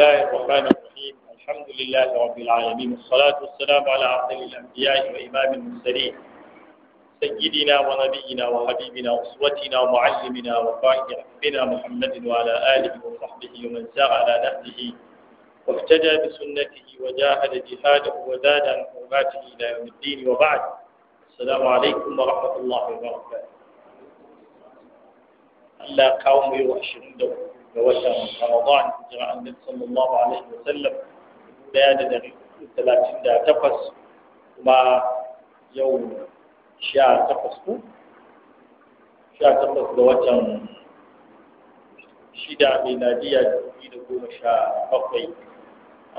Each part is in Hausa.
الله الرحمن الرحيم الحمد لله رب العالمين والصلاة والسلام على عقل الأنبياء وإمام المسلمين سيدنا ونبينا وحبيبنا وصوتنا ومعلمنا وقائد ربنا محمد وعلى آله وصحبه ومن سار على نهده وافتدى بسنته وجاهد جهاده وزاد عن حرماته إلى يوم الدين وبعد السلام عليكم ورحمة الله وبركاته. الله قوم يوحشون yau ga watan Ramadan hijira Annabi sallallahu alaihi wasallam daya da dari talatin da takwas kuma yau sha takwas ku sha takwas ga watan shida mai nadiya dubu da goma sha bakwai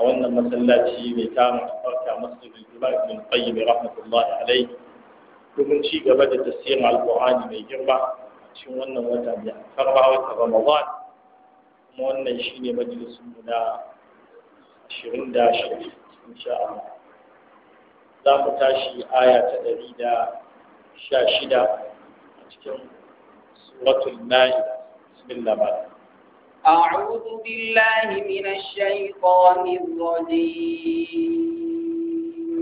a wannan masallaci mai tarin farka masu rijimar ibn qayyim rahmatullahi alaihi domin ci gaba da tasirin alqur'ani mai girma cikin wannan wata mai karba wata ramadan kuma wannan shi ne majalisun na ashirin da shida insha Allah za mu tashi aya ta ɗari da sha shida a cikin suratul ma'ida bismillah ba أعوذ بالله من الشيطان الرجيم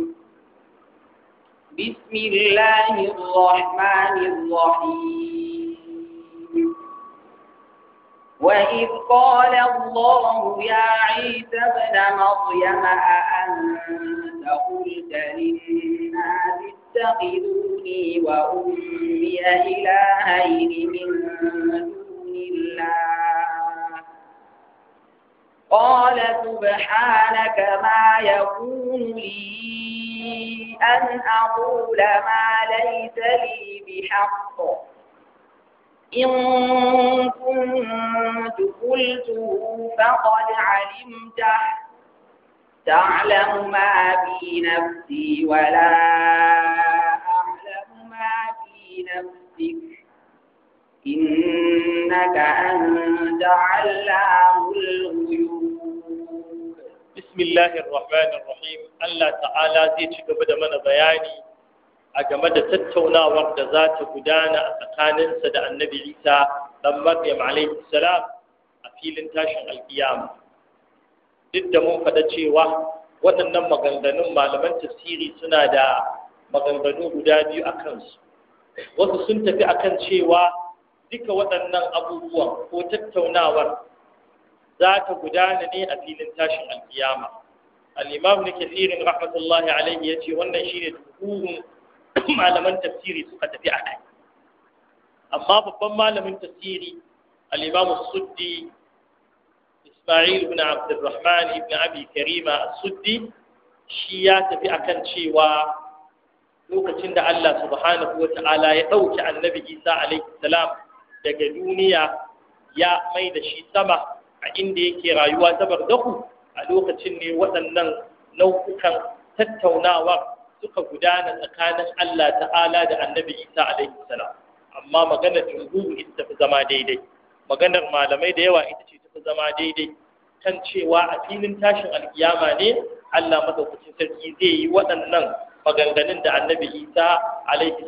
بسم الله الرحمن الرحيم وإذ قال الله يا عيسى ابن مريم أأنت قلت للناس اتخذوني وأمي إلهين من دون الله قال سبحانك ما يكون لي أن أقول ما ليس لي بحق إن كنت قلته فقد علمته تعلم ما في نفسي ولا أعلم ما في نفسك إنك أنت علام الغيوب بسم الله الرحمن الرحيم الله تعالى زيتك تشكب دمنا بياني a game da tattaunawar da za ta gudana a tsakaninsa da annabi isa dan maryam alaihi salam a filin tashin alkiyama duk da mun faɗa cewa waɗannan maganganun malaman tafsiri suna da maganganu guda biyu a kansu wasu sun tafi akan cewa duka waɗannan abubuwan ko tattaunawar za ta gudana ne a filin tashin alkiyama al-imam ne kafirin rahmatullahi alaihi ya ce wannan shine duhun malaman tafsiri suka tafi a kai amma babban malamin tafsiri al suddi isma'il ibn abdurrahman ibn abi karima suddi shi ya tafi akan cewa lokacin da Allah subhanahu ya ɗauki annabi Isa alaihi salam daga duniya ya mai da shi sama a inda yake rayuwa ta barzahu a lokacin ne waɗannan nau'ukan tattaunawar. suka gudana tsakanin Allah ta'ala da annabi Isa alaihi amma maganar jumhur ita fi zama daidai maganar malamai da yawa ita ce tafi zama daidai kan cewa a filin tashin alkiyama ne Allah madaukakin sarki zai yi waɗannan maganganun da annabi Isa alaihi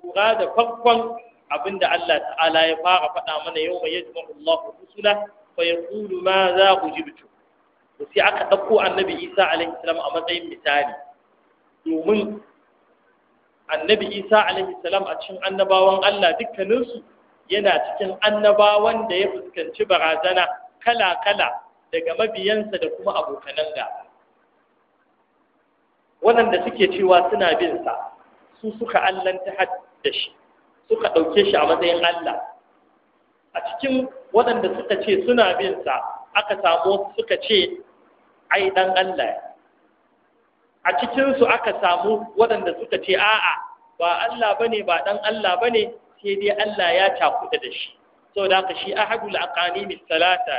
lura da farkon abinda Allah ta'ala ya fara faɗa mana yau mai yajma Allah rusula fa Kulu ma za ku jibtu sai aka ɗauko annabi Isa alaihi a matsayin misali domin annabi isa alaihi salam a cikin annabawan Allah dukkaninsu yana cikin annabawan da ya fuskanci barazana kala-kala daga mabiyansa da kuma abokanan gaba waɗanda suke cewa suna bin sa su suka allanta da shi suka ɗauke shi a matsayin Allah a cikin waɗanda suka ce suna bin sa aka samu suka ce ai dan Allah a cikinsu aka samu waɗanda suka ce a'a ba Allah bane ba ɗan Allah bane sai dai Allah ya takuta da shi da haka shi ahadul aqanim salata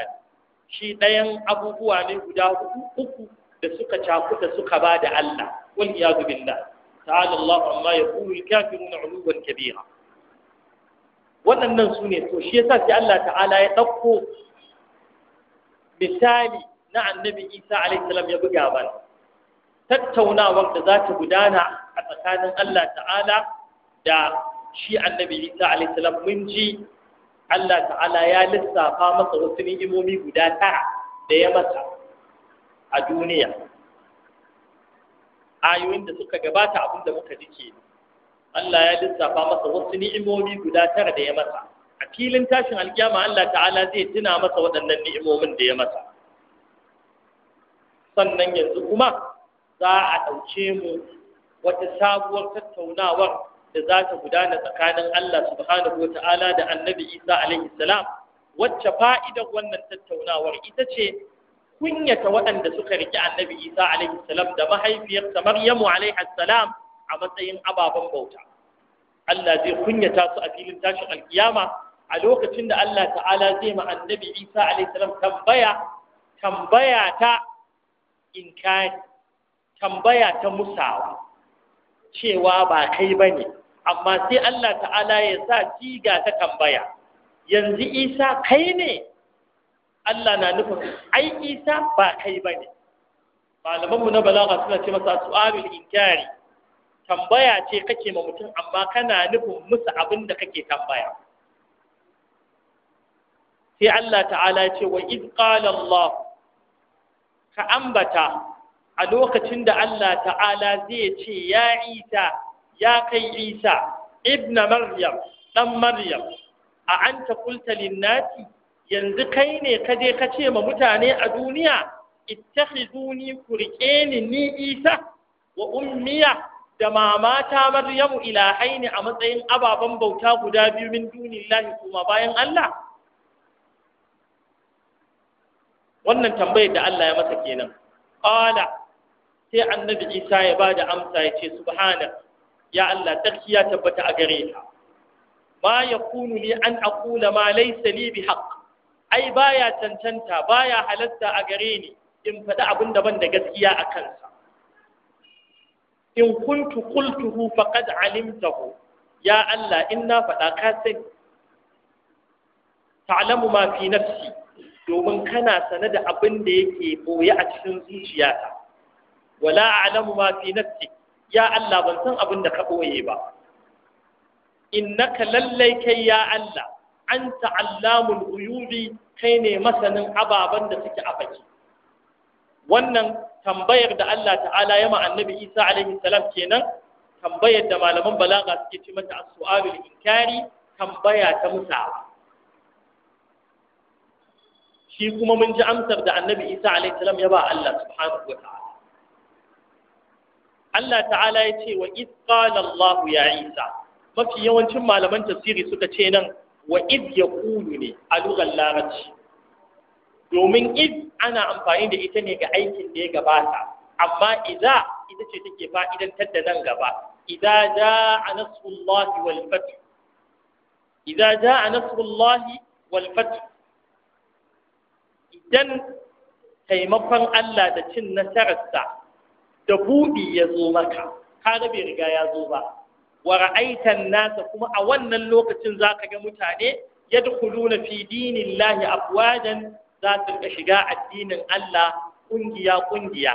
shi ɗayan abubuwa ne guda uku da suka takuta suka ba da Allah wal iyadu billah ta'ala Allah amma yaqulu al-kafiruna 'uluwan kabira waɗannan su ne to shi yasa sai Allah ta'ala ya ɗauko misali na annabi Isa alaihi salam ya buga bana. tattaunawar da za ta gudana a tsakanin Allah ta'ala da shi annabi Isa alaihissalam mun ji Allah ta'ala ya lissafa masa wasu ni'imomi guda tara da ya masa a duniya ayoyin da suka gabata abin da muka ji ke Allah ya lissafa masa wasu ni'imomi guda tara da ya masa a filin tashin alkiyama Allah ta'ala zai tuna masa waɗannan ni'imomin da ya masa sannan yanzu kuma za a ɗauke mu wata sabuwar tattaunawar da za ta gudana tsakanin Allah subhanahu wa ta'ala da annabi Isa alaihi salam wacce fa'idar wannan tattaunawar ita ce kunyata waɗanda suka riƙe annabi Isa alaihi salam da mahaifiyarsa Maryamu alaihi salam a matsayin ababen bauta Allah zai kunyata su a filin tashin alkiyama a lokacin da Allah ta'ala zai ma annabi Isa alaihi salam tambaya tambaya ta in inkari tambaya ta musawa cewa ba kai ba ne amma sai Allah ta'ala ya sa jiga ta tambaya yanzu isa kai ne Allah na nufin ai isa ba kai ba ne malamanmu na balaga suna ce masa su'alul inkari tambaya ce kake ma mutum amma kana nufin musu abin da kake tambaya sai Allah ta'ala ce wa iz Allah ka ambata a lokacin da Allah ta'ala zai ce ya isa ya kai isa ibna maryam dan maryam a anta qulta linnati yanzu kai ne ka je ka ce ma mutane a duniya ittakhizuni riƙe ni ni isa wa ummiya da mamata maryamu ilahaini a matsayin ababen bauta guda biyu min dunillahi kuma bayan Allah wannan tambayar da Allah ya masa kenan qala sai annabi isa ya bada amsa ya ce subhana ya Allah tarki tabbata a gare ka ma ya kunu an aqula ma laysa li bi haqq ai baya tantanta baya halatta a gare ni in faɗi abin da ban da gaskiya a kansa in kuntu qultuhu faqad alimtahu ya Allah in na faɗa ka sai ta'lamu ma fi nafsi domin kana sane da abin da yake boye a cikin zuciyata wala a'lamu ma fi nafsi ya Allah ban san abin da ka boye ba innaka lallai kai ya Allah anta allamul ghuyubi kai ne masanin ababan da suke a baki wannan tambayar da Allah ta'ala ya ma annabi Isa alaihi salam kenan tambayar da malaman balaga suke ce mata as-su'alul inkari tambaya ta musa. shi kuma mun ji amsar da annabi Isa alaihi salam ya ba Allah subhanahu wa ta'ala Allah ta'ala ya ce wa iz qala Allah ya Isa mafi yawancin malaman tasiri suka ce nan wa ya kulu ne a lugar larabci domin id ana amfani da ita ne ga aikin da ya gabata amma idza ita ce take fa'idantar da nan gaba idza jaa nasrullahi wal fath idza jaa nasrullahi wal fath idan taimakon Allah da cin nasararsa da buɗi ya zo maka kaga bai riga ya zo ba wa ra'aitan nasa kuma a wannan lokacin zaka ga mutane yadkhuluna fi dinillahi afwajan za su rika shiga addinin Allah ƙungiya-ƙungiya.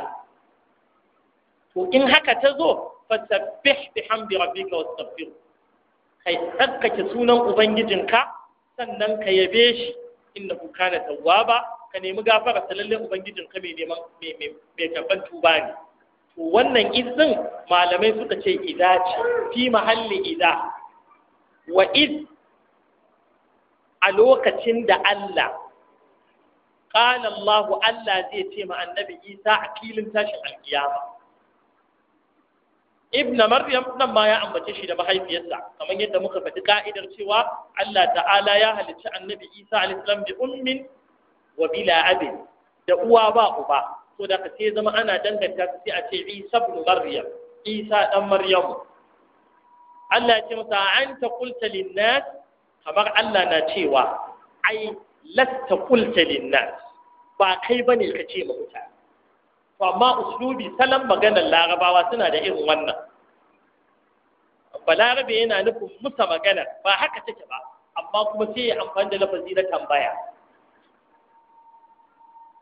to in haka ta zo fasabbih bihamdi rabbika wastaghfir kai tsarkake sunan ubangijinka sannan ka yabe shi innahu kana tawwaba ka nemi gafara ta lalle ubangijinka mai neman mai mai ne wannan izzin malamai suka ce idza ce fi mahalli idza wa iz a lokacin da Allah qala Allah Allah zai ce ma annabi Isa a filin tashin alkiyama ibn maryam nan ma ya ambace shi da mahaifiyarsa kamar yadda muka faɗi ka'idar cewa Allah ta'ala ya halicci annabi Isa alaihi salam bi ummin wa bila abin da uwa ba uba so da sai zama ana danganta sai a ce Isa ibn Maryam Isa dan Maryam Allah ya ce masa anta qulta lin-nas kamar Allah na cewa ai lasta qulta lin ba kai bane ka ce ma mutane to amma uslubi salan maganar larabawa suna da irin wannan balarabe yana nufin musa magana ba haka take ba amma kuma sai ya amfani da lafazi na tambaya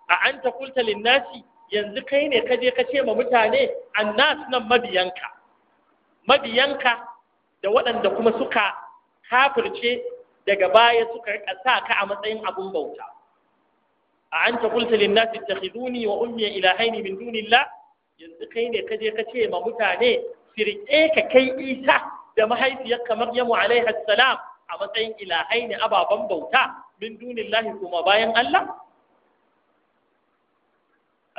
a an ta kulta linnasi yanzu kai ne kaje ka ce ma mutane annas nan mabiyanka mabiyanka da waɗanda kuma suka kafirce daga baya suka rika sa ka a matsayin abun bauta a ta kulta lin nasi ittakhiduni wa ummi ilahaini min dunillah yanzu kai ne kaje ka ce ma mutane sirke ka kai isa da mahaifiyar kamar yamu alaihi salam a matsayin ilahaini ababan bauta min dunillahi kuma bayan Allah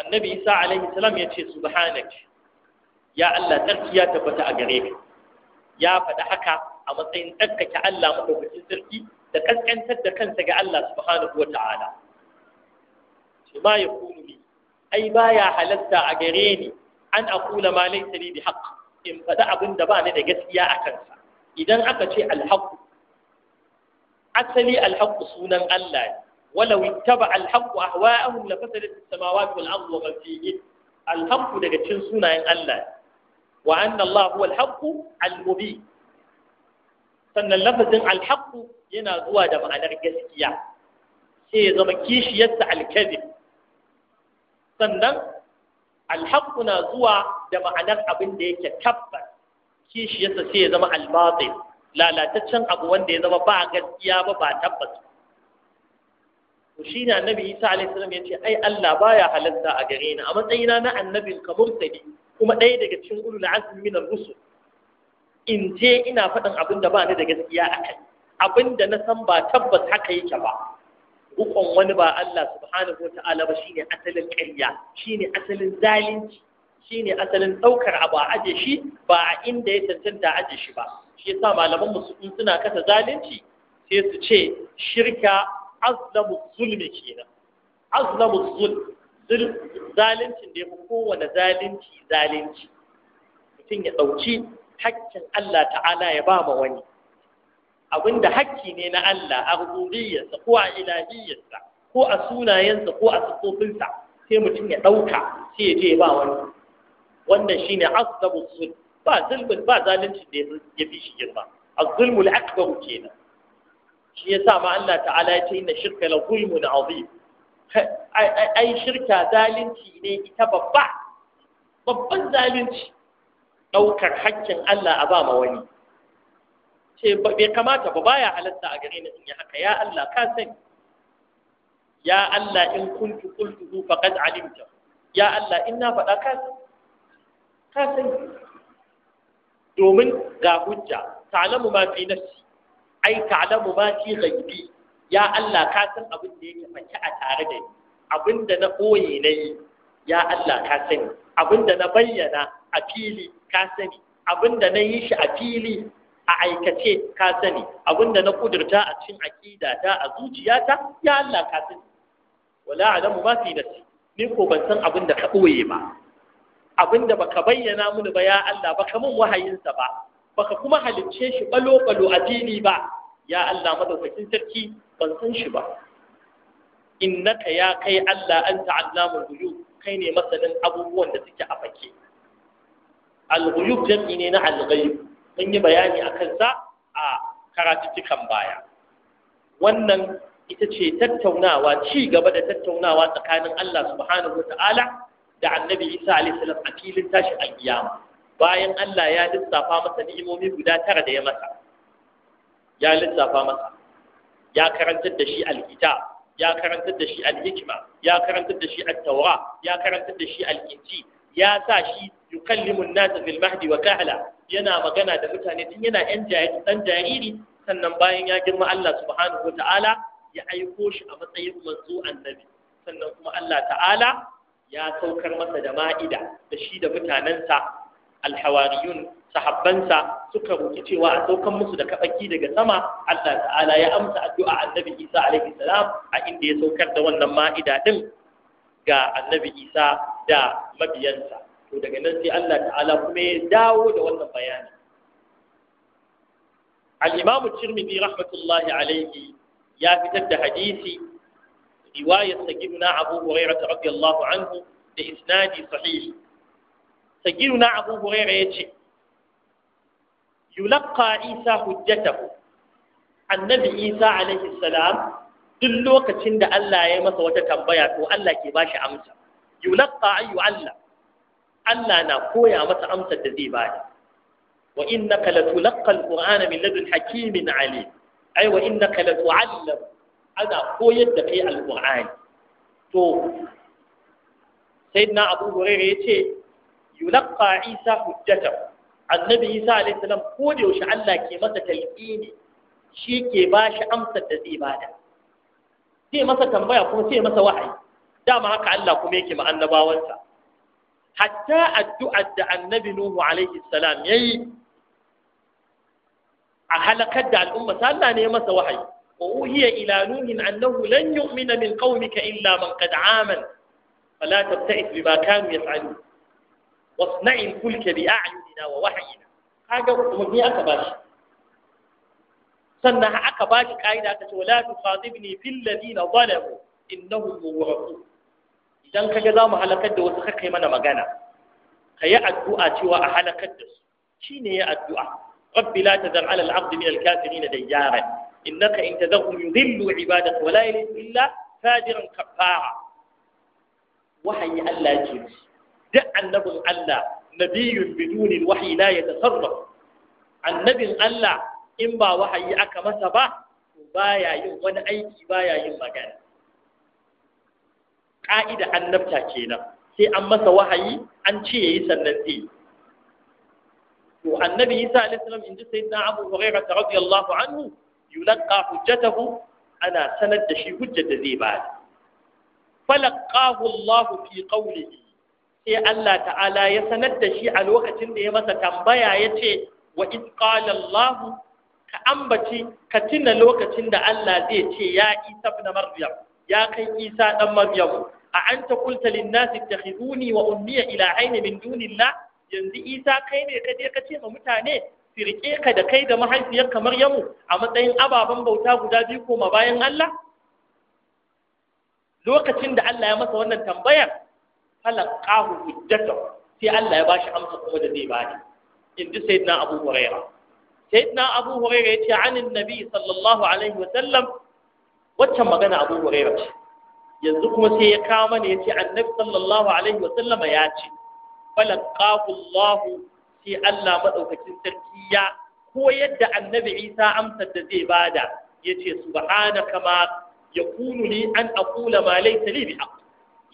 annabi isa alaihi salam ya ce subhanak ya Allah tsarki ya tabbata a gare ka ya faɗi haka a matsayin tsarkake Allah madaukakin sarki da kaskantar da kansa ga Allah subhanahu wa ta'ala shi ma ya kunu ai baya halatta a gare ni an aqula ma laysa li in faɗi abin da ba ni da gaskiya a kansa idan aka ce asali alhaq sunan Allah ne ولو اتبع الحق أهواءهم لفسدت السماوات والأرض ومن فيهن الحق daga cikin sunayen Allah wa anna Allah huwa al-haqq al-mubin sannan lafazin al yana zuwa da ma'anar gaskiya sai ya zama kishiyarsa al-kadhib sannan al na zuwa da ma'anar abin da yake tabbas kishiyarsa sai ya zama al-batil lalataccen abu wanda ya zama ba gaskiya ba ba tabbas ba to shi ne annabi isa alaihissalam ya ce ai allah baya halatta a gare ni a matsayina na annabin ka mursali kuma ɗaya daga cikin ulul azmi min rusul in je ina faɗin abin da ba ni da gaskiya a kai abin da na san ba tabbas haka yake ba rukon wani ba Allah subhanahu ta'ala ba shine asalin ƙarya shine asalin zalunci shine asalin ɗaukar abu a aje shi ba a inda ya a aje shi ba shi yasa malaman in suna kasa zalunci sai su ce shirka azlamu zulmi kenan azlamu zul zalincin da ya fi kowane zalunci zalunci mutum ya ɗauki hakkin Allah ta'ala ya ba ma wani abinda hakki ne na Allah a rububiyarsa ko a ilahiyarsa ko a sunayensa ko a siffofinsa sai mutum ya ɗauka sai ya je ya ba wani wannan shine azabu zulm ba zulmin ba zalunci da ya fi shi girma az akbaru kenan shi yasa ma Allah ta'ala ya ce inna shirka la zulmun azim ai shirka zalunci ne ita babba babban zalunci daukar haƙƙin Allah a ba ma wani ce bai kamata ba baya halatta a gare ni in yi haka ya Allah ka sani ya Allah in kuntu qultuhu faqad alimta ya Allah in na faɗa ka ka sani domin ga hujja ta'lamu ma fi nafsi ai alamu ma fi ghaibi ya Allah ka san abin da yake fanci a tare da ni abin da na koye na yi ya Allah ka sani abin da na bayyana a fili ka sani abin da na yi shi a fili a aikace ka sani abin da na kudurta a cikin akida ta a zuciyata ya Allah ka sani wala alamu ma fi nafsi ni ko ban san abin da ka koye ba abin da baka bayyana mini ba ya Allah baka min wahayinsa ba baka kuma halicce shi balo-balo a dini ba ya Allah madaukakin sarki ban san shi ba innaka ya kai Allah an ta'allamul guyu kai ne masanin abubuwan da suke a fake al-ghuyub ne na al-ghaib mun yi bayani akan sa a karatuttukan baya wannan ita ce tattaunawa ci gaba da tattaunawa tsakanin Allah subhanahu Ta'ala da annabi Isa a filin tashin alkiyama bayan Allah ya lissafa masa ni'imomi guda tara da ya masa ya lissafa masa ya karantar da shi alkitab ya karantar da shi alhikima ya karantar da shi at-taura ya karantar da shi al ya sa shi yukallimu an-nasa fil mahdi wa kahla yana magana da mutane tun yana yan jariri dan jariri sannan bayan ya girma Allah subhanahu ta'ala ya aiko shi a matsayin manzo annabi sannan kuma Allah ta'ala ya saukar masa da ma'ida da shi da mutanensa alhawariyun sahabbansa suka roki cewa a saukan musu da kabaki daga sama Allah ta'ala ya amsa addu'a annabi Isa alaihi salam a inda ya saukar da wannan ma'ida din ga annabi Isa da mabiyansa to daga nan sai Allah ta'ala kuma ya dawo da wannan bayani al-Imam Tirmidhi rahmatullahi alaihi ya fitar da hadisi riwayar sayyidina Abu Hurairah radiyallahu anhu da isnadi sahihi sagiruna abu huraira ya ce yulaqqa isa hujjatahu annabi isa alaihi salam duk lokacin da Allah ya masa wata tambaya to Allah ke bashi amsa yulaqqa ayu Allah Allah na koya masa amsar da zai bada. wa innaka latulaqqa alqur'ana min ladun hakimin alim ai wa innaka latu'allam ana koyar da kai alqur'ani to sayyidina abu hurairah yace yulqa isa hujjatahu annabi isa alayhi salam ko da yaushe Allah ke masa talqini shi ke ba shi da zai bada sai masa tambaya kuma sai masa wahayi dama haka Allah kuma yake ma annabawansa hatta addu'ar da annabi nuhu alayhi salam yayi a halakar da al'umma sai Allah ne masa wahayi wa uhiya ila nuhin annahu lan yu'mina min qaumika illa man qad amana fala tabta'is bima kanu yaf'alun واصنع الفلك بأعيننا ووحينا حاجة مبني أكباش صنع أكباش قاعدة ولا تخاطبني في الذين ظلموا إنهم مغرقون إذا كجا زام هلكت وسخك من مجانا هي الدعاء سوى هلكت شين هي الدعاء رب لا تذر على العبد من الكافرين ديارا إنك إن تذرهم يضلوا عبادك ولا يلد إلا فاجرا كفارا وحي الله جيرش duk annabin Allah nabiyun biduni wahyi la yatasarraf annabin Allah in ba wahayi aka masa ba baya yin wani aiki baya yin magana ka'ida annabta kenan sai an masa wahayi an ce yayi sannan sai to annabi Isa alayhi salam inji sayyidina Abu Hurairah radiyallahu anhu yulqa hujjatahu ana sanar da shi hujjar da zai ba falaqahu Allah fi qawlihi sai Allah ta'ala ya sanar da shi a lokacin da ya masa tambaya ya ce wa isƙalallahu ka ambaci ka tuna lokacin da Allah zai ce ya isa na maryam ya kai isa ɗan maryam a an ta kulta linnasi ta hizuni wa ummiya ila aini min dunillah yanzu isa kai ne ka je ka ce ma mutane su riƙe ka da kai da mahaifiyarka maryamu a matsayin ababen bauta guda biyu koma bayan Allah lokacin da Allah ya masa wannan tambayar falaqahu iddatahu sai Allah ya bashi amsa kuma da zai bani in ji sayyidina Abu Huraira sayyidina Abu Huraira yace anin nabi sallallahu alaihi wa sallam waccan magana Abu Huraira ce yanzu kuma sai ya kawo mana yace annabi sallallahu alaihi wa sallama ya ce falaqahu Allah sai Allah madaukakin sarki ya koyar da annabi Isa amsa da zai bada yace subhanaka ma yakunu li an aqula ma laysa li bi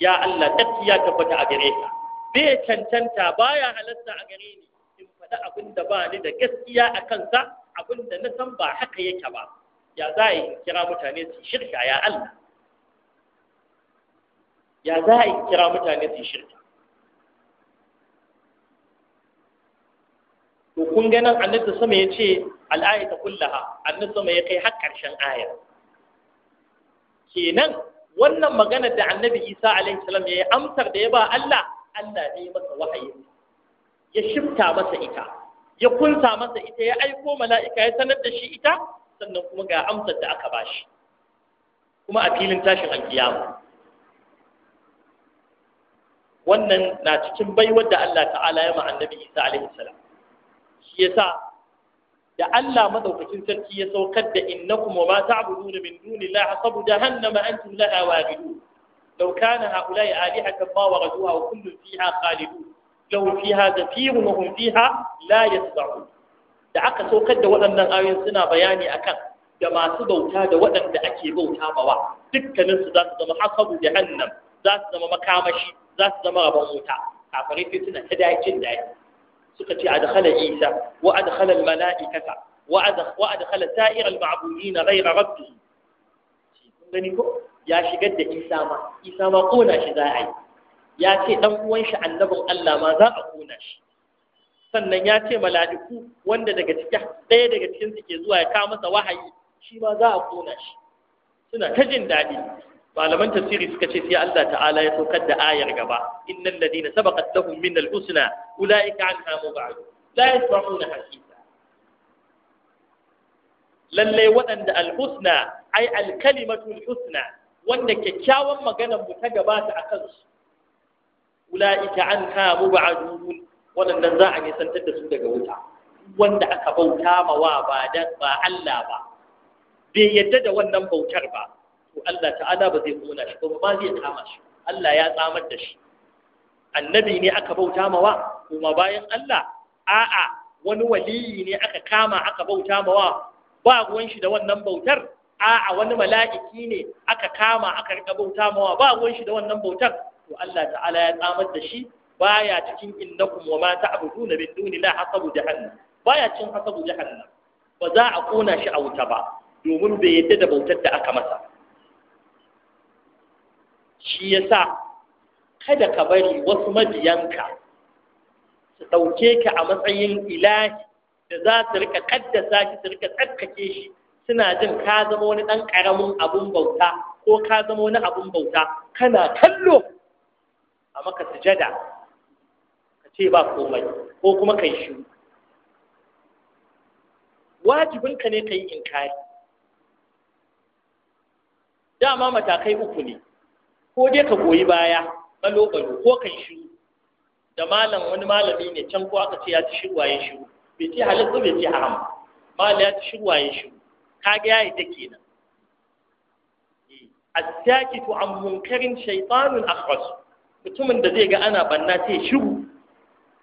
ya Allah gaskiya tabbata a gare ka bai cancanta baya halatta a gare ni in faɗi abin da ba ni da gaskiya a kansa abin da na san ba haka yake ba ya za a yi kira mutane su shirka ya Allah ya za a yi kira mutane su shirka to kun ga nan annabi sama ya ce al'ayata kullaha annabi sama ya kai har ƙarshen aya kenan wannan magana da annabi isa alaihi salam ya yi amsar da ya ba allah allah ne masa wahayi ya shifta masa ita ya kunsa masa ita ya aiko mala'ika ya sanar da shi ita sannan kuma ga amsar da aka bashi kuma a filin tashin alkiyama wannan na cikin baiwar da Allah ta'ala ya ma annabi isa alaihi salam shi yasa da Allah madaukakin sarki ya saukar da innakum wa ma ta'buduna min dunillahi hasabu jahannama antum laha waqidun law kana haula'i alihatan ma waraduha wa kullun fiha khalidun fiha zafirun wa hum fiha la yasba'un da aka saukar da waɗannan ayoyin suna bayani akan da masu bauta da waɗanda ake bauta bawa dukkanin su za su zama hasabu jahannam za su zama makamashi za su zama rabon wuta kafirai sai ta dakin daji suka ce adkhala isa wa adkhala al mala'ikata wa adkhala sa'ir al ma'budin ghayra rabbi kun gani ko ya shigar da isa ma isa ma kona shi za a yi ya ce dan uwan shi annabin Allah ma za a kona shi sannan ya ce mala'iku wanda daga cikin ɗaya daga cikin su ke zuwa ya kawo masa wahayi shi ma za a kona shi suna ta jin daɗi malaman tafsiri suka ce sai Allah ta'ala ya saukar da ayar gaba innal ladina sabaqat lahum min al-husna ulaika anha mubadu la yasma'una hasisa lalle waɗanda al-husna ai al-kalimatu al-husna wanda kyakkyawan maganar mu ta gabata akan su ulaika anha mubadun waɗannan za a nisantar da su daga wuta wanda aka bauta ma wa ba ba Allah ba bai yadda da wannan bautar ba to Allah ta'ala ba zai kona shi ba ba zai kama shi Allah ya tsamar da shi annabi ne aka bauta mawa kuma bayan Allah a'a wani waliyi ne aka kama aka bauta mawa ba ruwan shi da wannan bautar a'a wani mala'iki ne aka kama aka rika bauta mawa ba ruwan shi da wannan bautar to Allah ta'ala ya tsamar da shi baya cikin innakum wa ma ta'buduna min dunillahi hasabu jahannam baya cikin hasabu jahannam ba za a kona shi a wuta ba domin bai yadda da bautar da aka masa shi ya sa kada ka bari wasu mabiyanka su ɗauke ka a matsayin ilahi da za su rika kaddasa shi su rika tsarkake shi suna jin ka zama wani ɗan ƙaramin abin bauta ko ka zama wani abin bauta kana kallo a maka sujada ka ce ba komai ko kuma kai shi wajibinka ne ka yi inkari dama matakai uku ne ko dai ka goyi baya ɓalo-ɓalo ko kan shiru da malam wani malami ne can ko aka ce ya ci shirwayen shiru bai ce halittu bai ce haram malam ya ci shirwayen shiru ka ga yayi ta kenan eh, as to an munkarin shaitanun akhras mutumin da zai ga ana banna sai shiru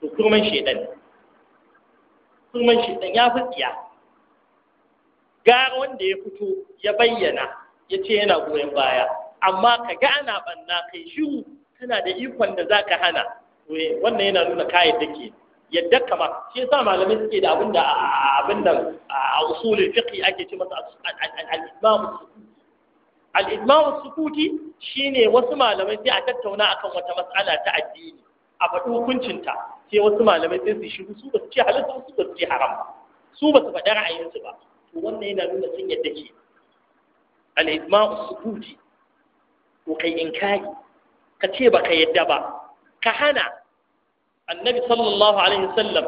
to kurman shaitan kurman shaitan ya fi tsiya gara wanda ya fito ya bayyana ya ce yana goyon baya amma ka ga ana banna kai shiru kana da ikon da zaka hana wannan yana nuna kayan da ke yadda kama shi yasa malamai suke da abinda abinda a usulul fiqi ake ce masa al-imam al-imam sukuti shine wasu malamai sai a tattauna akan wata mas'ala ta addini a faɗi ta sai wasu malamai sai su shiru su ba su ce halatta su ba su ce haram ba su ba su faɗi ra'ayinsu ba to wannan yana nuna cin yadda ke al-ijma'u sukuti ko kai inkari ka ce ba ka yadda ba ka hana annabi sallallahu alaihi wasallam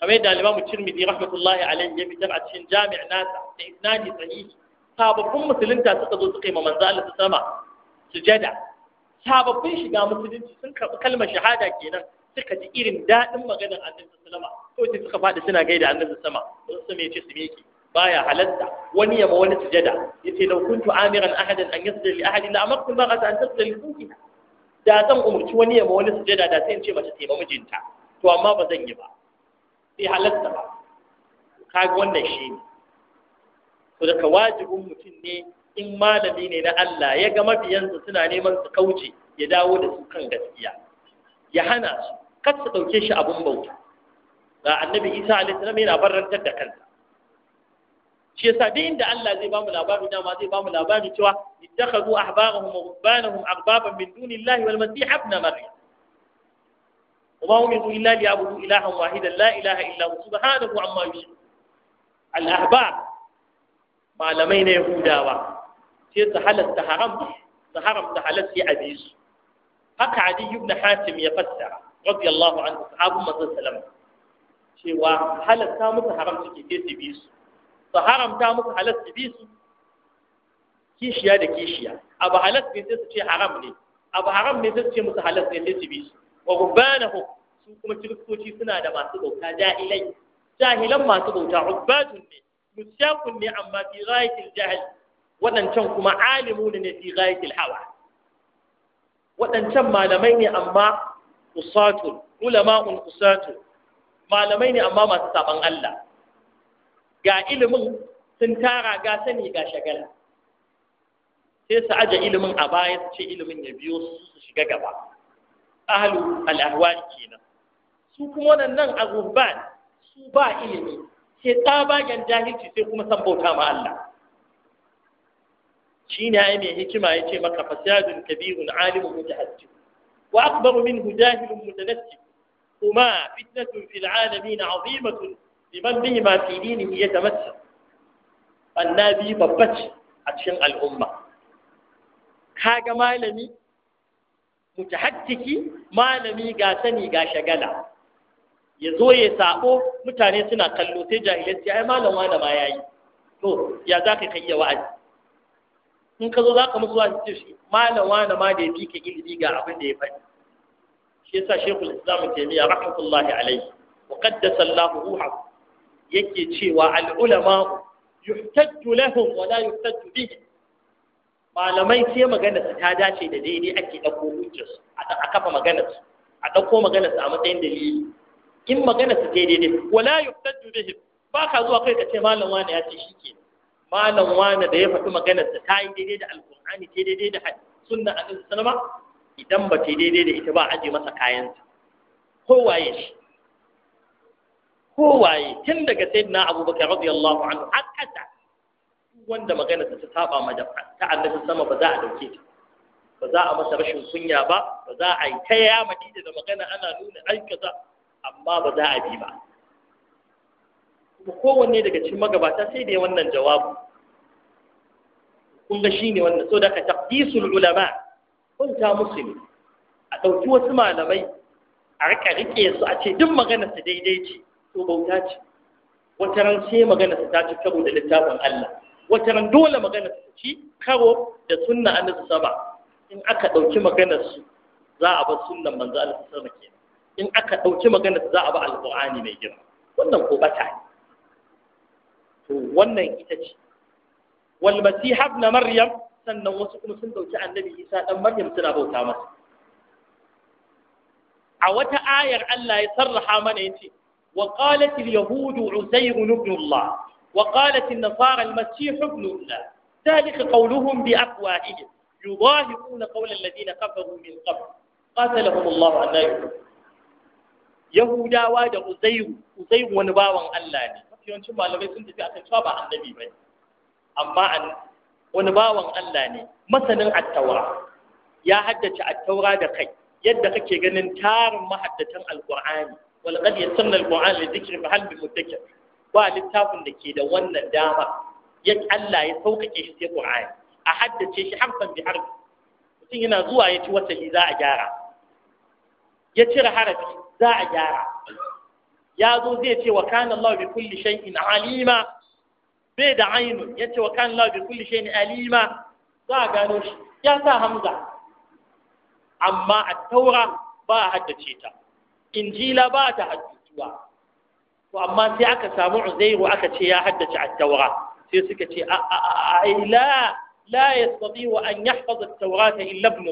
kamar da alimamu tirmidhi rahmatullahi alaihi ya a cikin jami' nasa da isnadi sahihi sababbin musulunta suka zo suka yi ma manzo Allah sama sujada sababbin shiga musulunci sun kalma kalmar shahada kenan suka ji irin daɗin maganar annabi sallama ko sai suka faɗi suna gaida annabi sama wasu su me ce su me yake baya halatta wani yaba wani sujada yace law kuntu amiran ahadan an yasjuda li ahadin la amartu al-mar'ata an tasjuda li zawjiha da zan umurci wani yaba wani sujada da sai in ce mace ta mijinta to amma ba zan yi ba sai halatta ba ga wannan shi ne to daga wajibin mutum ne in malami ne na Allah ya ga mabiyansa suna neman su kauce ya dawo da su kan gaskiya ya hana su kar su ɗauke shi abin bauta ga annabi isa alaihissalam yana barantar da kansa shi yasa duk inda Allah zai bamu labari dama zai bamu labari cewa ittakhadhu ahbarahum wa rubbanahum arbaban min dunillahi wal masih ibn maryam wa وما أمروا إلا ليعبدوا إلها واحدا لا إله إلا هو سبحانه عما يشركون الأحبار ما لمين يهوداوا sai su halatta haram su haramta halal sai abe su haka Ali ibn Hatim ya fassara radiyallahu anhu sahabu manzon sallama cewa halatta musu haram suke sai su bi su su haramta muku halas su bi su kishiya da kishiya abu halas ne sai su ce haram ne abu haram ne sai su ce musu halas ne sai su bi su wa rubbanahu su kuma kiristoci suna da masu bauta jahilai jahilan masu bauta ubbatun ne musyakun ne amma fi ghayatil jahil waɗancan kuma alimun ne fi ghayatil hawa waɗancan malamai ne amma usatun ulama'un usatun malamai ne amma masu saban Allah ga ilimin sun tara ga sani ga shagala sai su aje ilimin a baya su ce ilimin ya biyo su shiga gaba ahalu al-ahwal kenan su kuma nan a gurban su ba ilimi sai tsabagen jahilci sai kuma san bauta ma Allah shi ne ai mai hikima ya ce maka fasadun kabirun alimun mutahaddi wa akbaru minhu jahilun mutanassi kuma fitnatun fil alamin azimatun liman bihi ma fi dinihi ya tamatta annabi babba ce a cikin al'umma kaga malami mutahaddiki malami ga sani ga shagala ya zo ya sabo mutane suna kallo sai jahilai sai ai malam wani ma yayi to ya za ka kai wa'azi in ka zo za ka musu wa'azi ce malam wani ma da ya fi ka ilimi ga abin da ya faɗi shi yasa shekul islam miya rahmatullahi alaihi wa qaddasa allahu ruhahu yake cewa al'ulama yuhtajju lahum wa la yuhtajju bihi malamai sai magana su ta dace da daidai ake dauko hujjar su a kafa magana su a dauko magana su a matsayin dalili in magana su ta daidai wa la yuhtajju bihi ba ka zuwa kai ka ce malam wani ya ce shike malam wani da ya faɗi magana su ta yi daidai da alqur'ani ta daidai da sunna annabi sallama idan ba ta daidai da ita ba aje masa kayan kowaye shi kowaye tun daga sayyidina abubakar radiyallahu anhu har kasa wanda magana ta ta saba ma ta annabi sama ba za a dauke ta ba za a masa rashin kunya ba ba za a yi ta ya madina da magana ana nuna aikata amma ba za a bi ba kuma kowanne daga cikin magabata sai dai wannan jawabu kun ga shine wannan so da ka taqdisul ulama kun ta musulmi a dauki wasu malamai a rika rike su a ce duk magana su daidai ce to bauta ce wata ran sai magana ta ci karo da littafin Allah wata ran dole magana ta ci karo da sunna annabi sama in aka dauki maganar su za a bar sunnan manzo Allah saba ke in aka dauki maganar za a ba alqur'ani mai girma wannan ko bata ne to wannan ita ce wal masih ibn maryam sannan wasu kuma sun dauki annabi isa dan maryam suna bauta masa a wata ayar Allah ya sarraha mana yace وقالت اليهود عزير ابن الله وقالت النصارى المسيح ابن الله ذلك قولهم بأفواههم يضاهئون قول الذين كفروا من قبل قاتلهم الله أن يؤمنون Yahudawa da Uzairu, Uzairu wani bawan Allah ne, mafi malamai sun tafi akan cewa ba annabi ba amma wani bawan Allah ne, masanin attaura, ya haddace attaura da kai, yadda kake ganin tarin mahaddatan alƙur'ani walqad yassarna alquran lidhikri fa hal min mudakkir ba littafin da ke da wannan dama ya Allah ya sauƙaƙe shi sai Qur'ani a haddace shi harfan bi harfi mutum yana zuwa ya ci wata za a gyara ya cire harafi za a gyara ya zo zai ce wa kana Allah bi kulli shay'in alima bai da ainun ya ce wa kana Allah bi kulli shay'in alima za a gano shi ya sa hamza amma a taura ba a haddace ta injila ba ta haddutuwa to amma sai aka samu uzairu aka ce ya haddace at sai suka ce a a a la la yastati wa an yahfaz at-taurata illa ibn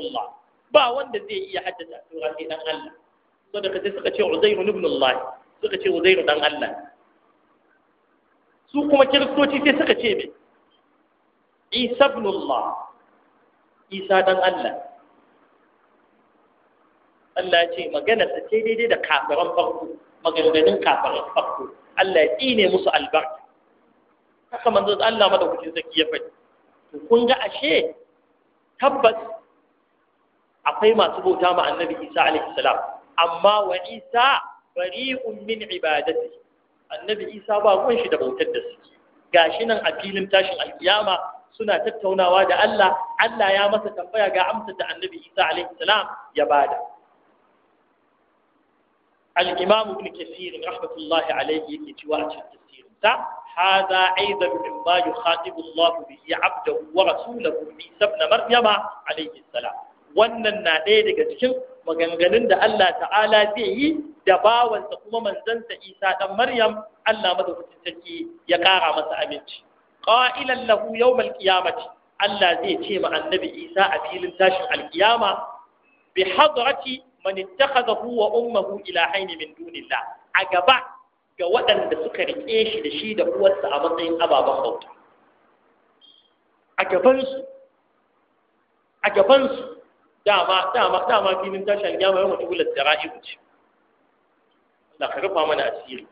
ba wanda zai iya haddace at sai dan Allah saboda sai suka ce uzairu ibn Allah suka ce uzairu dan Allah su kuma kiristoci sai suka ce me isa ibn isa dan Allah Allah ya ce magana ta ce daidai da kafiran farko maganganun kafiran farko Allah ya tsine musu albarka haka manzo Allah madaukakin sarki ya faɗi to kun ga ashe tabbas akwai masu bauta ma annabi Isa alaihi salam amma wa Isa bari'un min ibadati annabi Isa ba kun shi da bautar da suke gashi nan a filin tashin alkiyama suna tattaunawa da Allah Allah ya masa tambaya ga amsar da annabi Isa alaihi salam ya bada الإمام ابن كثير رحمة الله عليه يتوى التفسير هذا أيضا مما يخاطب الله به عبده ورسوله عيسى ابن مريم alaihi السلام wannan na ɗaya daga cikin maganganun da Allah ta'ala zai yi da bawansa kuma manzanta Isa ɗan Maryam Allah madaukakin sarki ya ƙara masa aminci qailan lahu yawmal qiyamati Allah zai ce ma annabi Isa a filin tashin alkiyama bi hadrati man ittakhadahu wa ummuhu ilahayn min dunillah a gaba ga waɗanda suka rike shi da shi da uwarsa a matsayin ababen bauta a gaban su a gaban su dama dama dama filin tashin gyama yau mutu jara'i dara'i ce Allah ka rufa mana asiri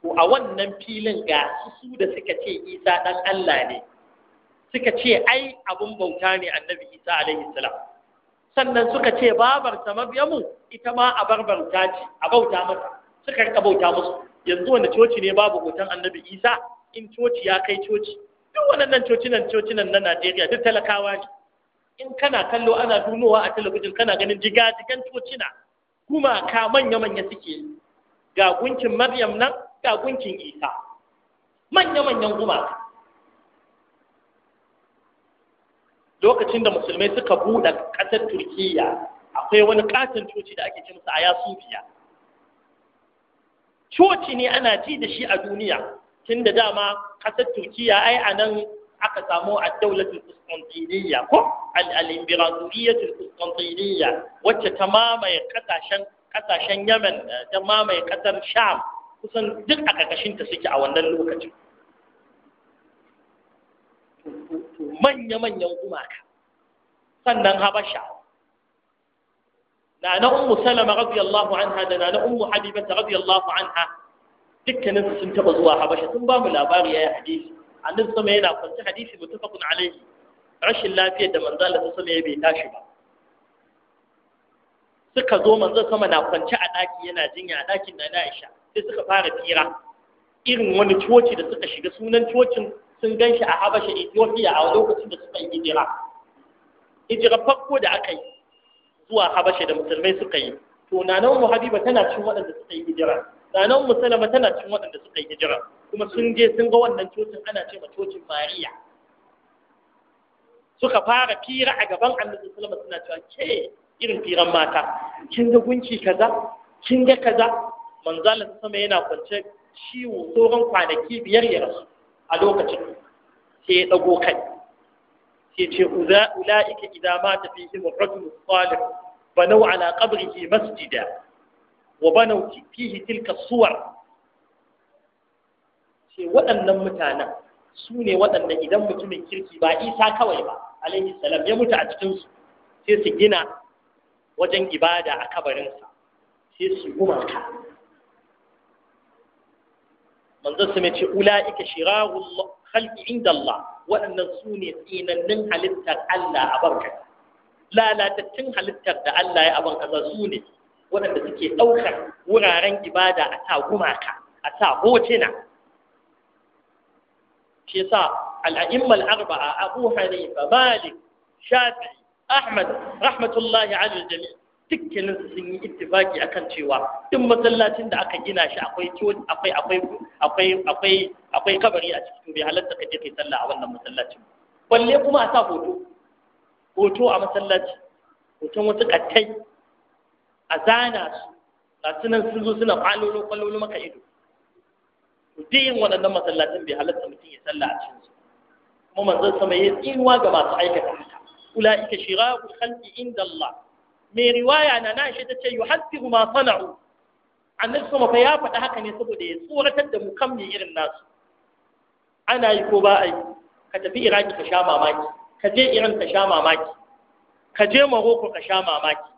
ko a wannan filin ga su da suka ce Isa dan Allah ne suka ce ai abun bauta ne annabi Isa alaihi salam sannan suka ce babarsa mabiyamu ita ma a ta ce a bauta mata suka rika bauta musu yanzu wanda coci ne babu hoton annabi isa in coci ya kai coci duk waɗannan cocinan cocinan na najeriya duk talakawa ne in kana kallo ana dunowa a talabijin kana ganin jigajigan cocina kuma ka manya-manya suke ga gunkin maryam nan ga gunkin isa manya-manyan gumaka lokacin da musulmai suka buɗe ƙasar turkiyya akwai wani ƙaton coci da ake ce masa aya coci ne ana ji da shi a duniya tun da dama ƙasar turkiyya ai a nan aka samu a daulatul kuskantiniya ko al'imbiranturiyatul kuskantiniya wacce ta mamaye ƙasashen yamen eh, ta mamaye ƙasar sham kusan duk a ƙarƙashinta suke a wannan lokacin manya-manyan gumaka sannan habasha na na ummu salama radiyallahu anha da na na ummu habibata radiyallahu anha dukkanin sun taba zuwa habasha sun ba mu labari yayin hadisi annabi sama yana kwanci hadisi kun alaihi rashin lafiyar da manzo Allah sama ya bai tashi ba suka zo manzo sama na kwanci a ɗaki yana jinya a ɗakin na Aisha sai suka fara tira irin wani coci da suka shiga sunan cocin sun gan shi a habasha ethiopia a lokacin da suka yi hijira hijira farko da aka yi zuwa habasha da musulmai suka yi to nanan mu habiba tana cin waɗanda suka yi hijira nanan mu salama tana cin waɗanda suka yi hijira kuma sun je sun ga wannan cocin ana ce ma cocin mariya suka fara fira a gaban annabi salama suna cewa ke irin firan mata kin ga gunki kaza kin ga kaza manzalin sama yana kwance ciwo tsohon kwanaki biyar ya rasu a lokacin sai ya dago kai sai ce ula'ika idza mata fihim ar-rajul salih banaw ala qabrihi masjida wa banaw fihi tilka suwar sai waɗannan mutanen su ne waɗanda idan mutumin kirki ba isa kawai ba alaihi salam ya mutu a cikinsu sai su gina wajen ibada a kabarinsa sai su gumaka manzon su ce ula'ika shiraru khalqi inda Allah waɗannan su ne tsinannin halittar Allah a barka lalatattun halittar da Allah ya aban kaza su ne waɗanda suke ɗaukar wuraren ibada a ta gumaka a ta hotuna shi yasa al'a'immal arba'a Abu Hanifa Malik Shafi Ahmad rahmatullahi alal jami'a dukkanin sun yi ittifaki akan cewa duk masallacin da aka gina shi akwai akwai akwai akwai akwai akwai kabari a cikin bai halatta ka kai sallah a wannan masallacin balle kuma a sa hoto hoto a masallaci hoton wasu kattai a zana su ga su nan sun zo suna kwalolo kwalolo maka ido duk yin waɗannan masallacin bai halatta mutum ya sallah a cikin su kuma manzon sama ya tsinuwa ga masu aikata haka ulaika shira'ul khalqi inda Allah mai riwaya na na shi ce yuhaddihu ma sana'u annabi sama fa ya faɗi haka ne saboda ya tsoratar da mu kan mai irin nasu ana yi ko ba a yi ka tafi iraki ka sha mamaki ka je iran ka sha mamaki ka je maroko ka sha mamaki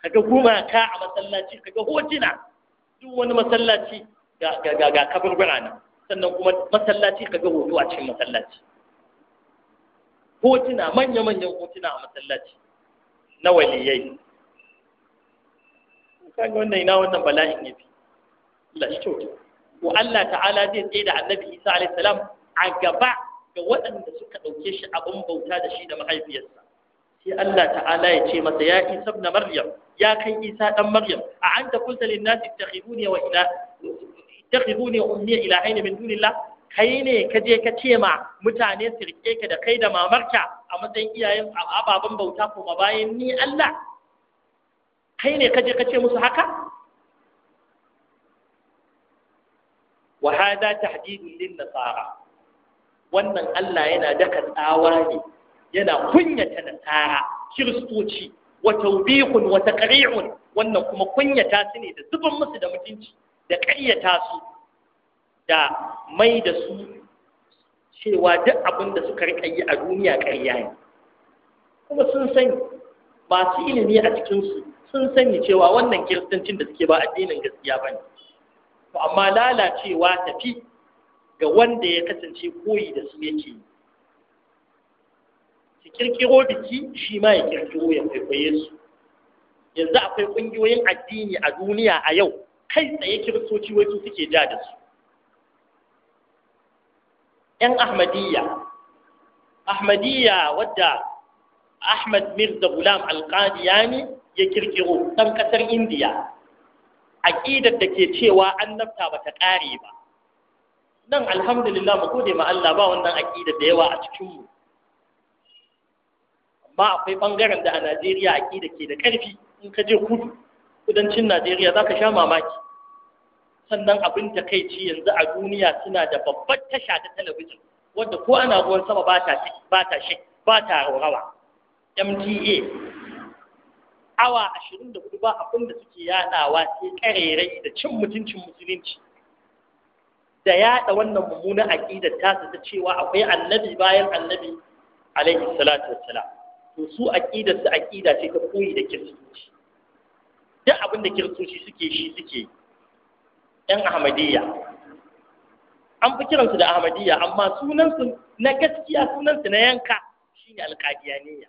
ka ga ka a masallaci ka ga hotuna duk wani masallaci ga kaburbura nan sannan kuma masallaci ka ga hoto a cikin masallaci hotuna manya-manyan hotuna a masallaci na waliyai kaga wannan ina wannan bala'in yafi Allah shi kyauta ko Allah ta'ala zai tsaye da Annabi Isa alaihi salam a gaba ga waɗanda suka ɗauke shi abin bauta da shi da mahaifiyarsa sai Allah ta'ala ya ce masa ya Isa ibn Maryam ya kai Isa dan Maryam a anta qulta lin nasi ittakhiduni wa ila wa ummi ilahayn min dunillah kai ne ka je ka ce ma mutane su rike ka da kai da mamarka a matsayin iyayen ababen bauta ko bayan ni Allah kai ne kaje kace musu haka wa hada tahdidun lin nasara wannan Allah yana daka tsawa ne yana kunyata nasara kiristoci wa tawbiqun wa taqri'un wannan kuma kunyata su ne da zubin musu da mutunci da ƙaryata su da mai da su cewa duk abin da suka rika yi a duniya ƙarya ne kuma sun sani masu ilimi a cikinsu sun sani cewa wannan kiristancin da suke ba addinin gaskiya ba ne to amma lalacewa tafi ga wanda ya kasance koyi da su yake yi. su kirkiro biki shi ma ya kirkiro ya kwaikwaye su yanzu akwai ƙungiyoyin addini a duniya a yau kai tsaye kiristoci wasu suke ja da su ‘yan ahmadiyya ahmadiyya wadda ahmad mirza gulam alƙadiyani ya kirkiro ɗan ƙasar indiya aƙidar da ke cewa annabta ba ta ƙare ba nan alhamdulillah mu gode ma Allah ba wannan aƙidar da yawa a cikinmu amma akwai ɓangaren da a Najeriya aƙida ke da ƙarfi in ka je kudu kudancin Najeriya za ka sha mamaki sannan abin ta kai ci yanzu a duniya suna da babbar tasha ta talabijin wadda ko ana ruwan sama ba ta shi ba ta rawa MTA awa ashirin da hudu ba abin da suke yaɗawa sai ƙarerai da cin mutuncin musulunci da yaɗa wannan mummunan aƙidar tasa ta cewa akwai annabi bayan annabi alaihi salatu wassalam to su aƙidar su aƙida ce ta koyi da kiristoci duk abin da kiristoci suke shi suke yan ahmadiyya an fi kiransu da ahmadiyya amma sunansu na gaskiya sunansu na yanka shine alƙadiyaniya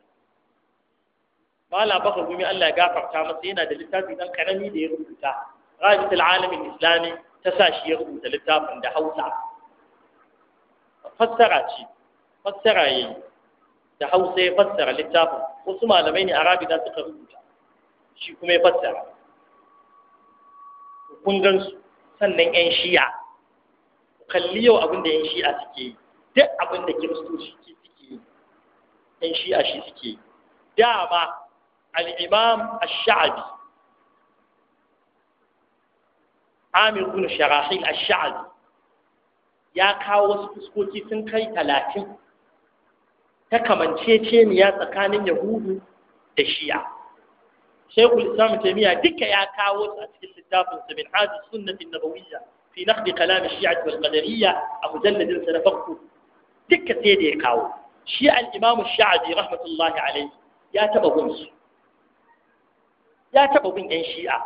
mala baka gumi Allah ya gafarta masa yana da littafi dan karami da ya rubuta al-alam al islami ta sa shi ya rubuta littafin da Hausa fassara ce fassara yi da Hausa ya fassara littafin wasu malamai ne arabi da suka rubuta shi kuma ya fassara kun gan su sannan yan shi'a kalli yau abin da yan shi'a suke yi duk abin da kiristoci suke yi yan shi'a shi suke yi dama al-imam ash-sha'bi amir ibn sharahil ya kawo wasu fuskoki sun kai talatin ta kamanceceniya tsakanin yahudu da shi'a shaykhul islam taymiya duka ya kawo a cikin littafin sa min hadi sunnati nabawiyya fi naqd kalam ash-shi'a wal qadariyya a mujalladin sa na farko duka sai da ya kawo shi al-imam ash rahmatullahi alaihi ya taba gunsu ya taɓa bin ‘yan shi'a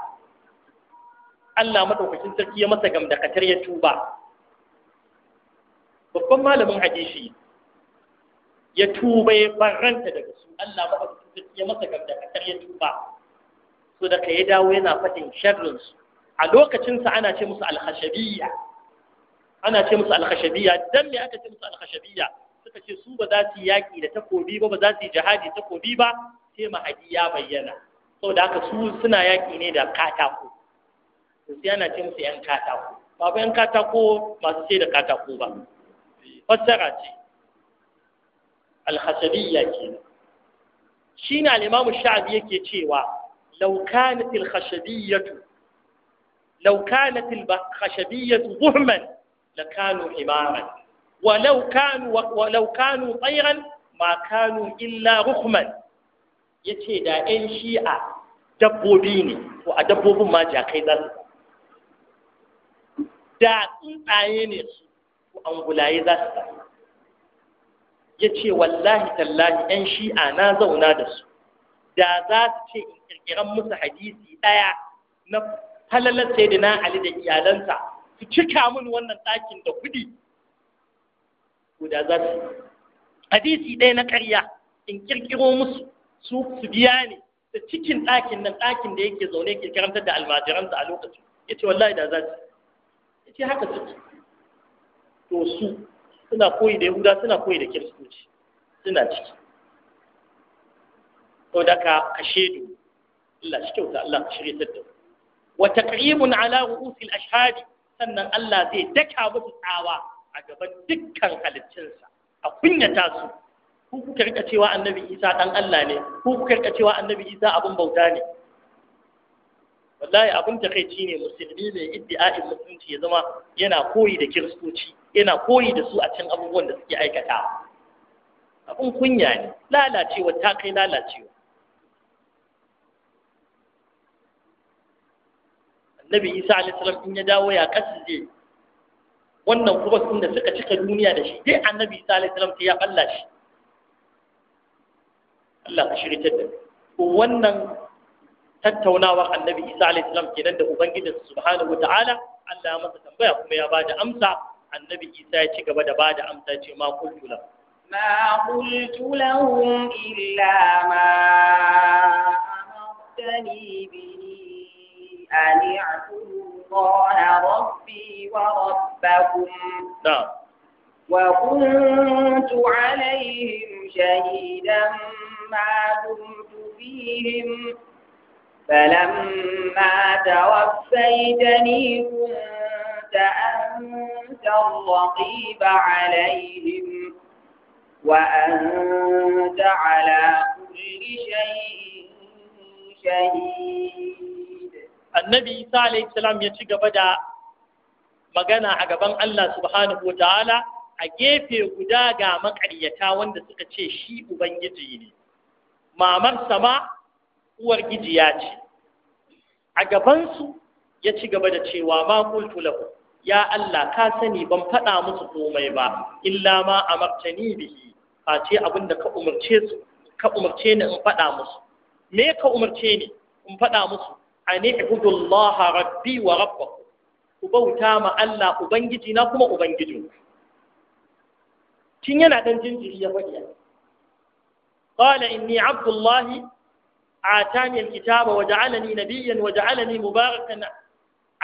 Allah maɗaukakin sarki ya masa gam da gamdakatar ya tuba babban malamin hadisi ya tuba ya faranta daga su Allah maɗaukakin sarki ya masa gam da gamdakatar ya tuba so da ka ya dawo yana faɗin sharrinsu a lokacinsa ana ce musu alhashabiyya ana ce musu alhashabiyya dan me aka ce musu alhashabiyya suka ce su ba za su yi yaƙi da takobi ba ba za su yi jihadi takobi ba sai mahadi ya bayyana saboda haka su suna yaƙi ne da katako su sai ana ce musu yan katako babu yan katako masu sai da katako ba fassara ce alhasabiyya ke shi na limamu sha'abi yake cewa لو كانت الخشبية لو كانت الخشبية ضهما لكانوا حمارا ولو كانوا ولو كانوا طيرا ما كانوا إلا رخما yace da ‘yan shi'a dabbobi ne to a dabbobin ma jakai za su da tsuntsaye ne su an angulaye za su ya ce wallahi tallahi ‘yan shi'a na zauna da su da za su ce in kirkiran musu hadisi ɗaya na falalar sai da na Ali da iyalansa su cika min wannan ɗakin da kuɗi ko da za su hadisi ɗaya na ƙarya in kirkiro musu su biya ne da cikin ɗakin nan ɗakin da yake zaune ke karantar da almajiransa a lokacin ya ce wallahi da za su ya ce haka suke to su suna koyi da yahuda suna koyi da kiristoci suna ciki to da ka kashe du Allah shi kyauta Allah ka shirye da wa taqrimun ala ru'usil ashhadi sannan Allah zai daka musu tsawa a gaban dukkan halittunsa a kunyata su ku kuka rika cewa annabi isa dan Allah ne ku kuka rika cewa annabi isa abin bauta ne wallahi abin takaici ne musulmi mai iddi'a'in musulunci ya zama yana koyi da kiristoci yana koyi da su a cikin abubuwan da suke aikata Abun kunya ne lalacewa ta kai lalacewa annabi isa alaihissalam in ya dawo ya kasu zai wannan kuma sun da suka cika duniya da shi dai annabi isa alaihissalam sai ya falla shi Allah ka shirya da wannan tattaunawar annabi Isa alaihi salam kenan da ubangijinsa subhanahu ta'ala. Allah ya masa tambaya kuma ya bada amsa annabi Isa ya ci gaba da bada amsa ce ma qultu lahu ma qultu lahum illa ma amartani bihi an ya'budu Allah rabbi wa rabbakum na'am وكنت عليهم شهيدا دمت فيهم فلما توفيتني كنت أنت الرقيب عليهم وأنت على كل شيء شهيد النبي صلى الله عليه وسلم يتشقى magana a gaban Allah subhanahu a gefe guda ga maƙaryata wanda suka ce shi Ubangiji ne. mamar sama uwar ya ce a gabansu ya ci gaba da cewa ma kultu lahu ya Allah ka sani ban faɗa musu komai ba illa ma amartani bihi face abinda ka umarce su ka umarce ni in faɗa musu me ka umarce ni in faɗa musu ani Ihudullaha rabbi wa ku bauta ma Allah ubangiji na kuma ubangijinku kin yana ɗan jinjiri ya faɗi قال إني عبد الله آتاني الكتاب وجعلني نبيا وجعلني مباركا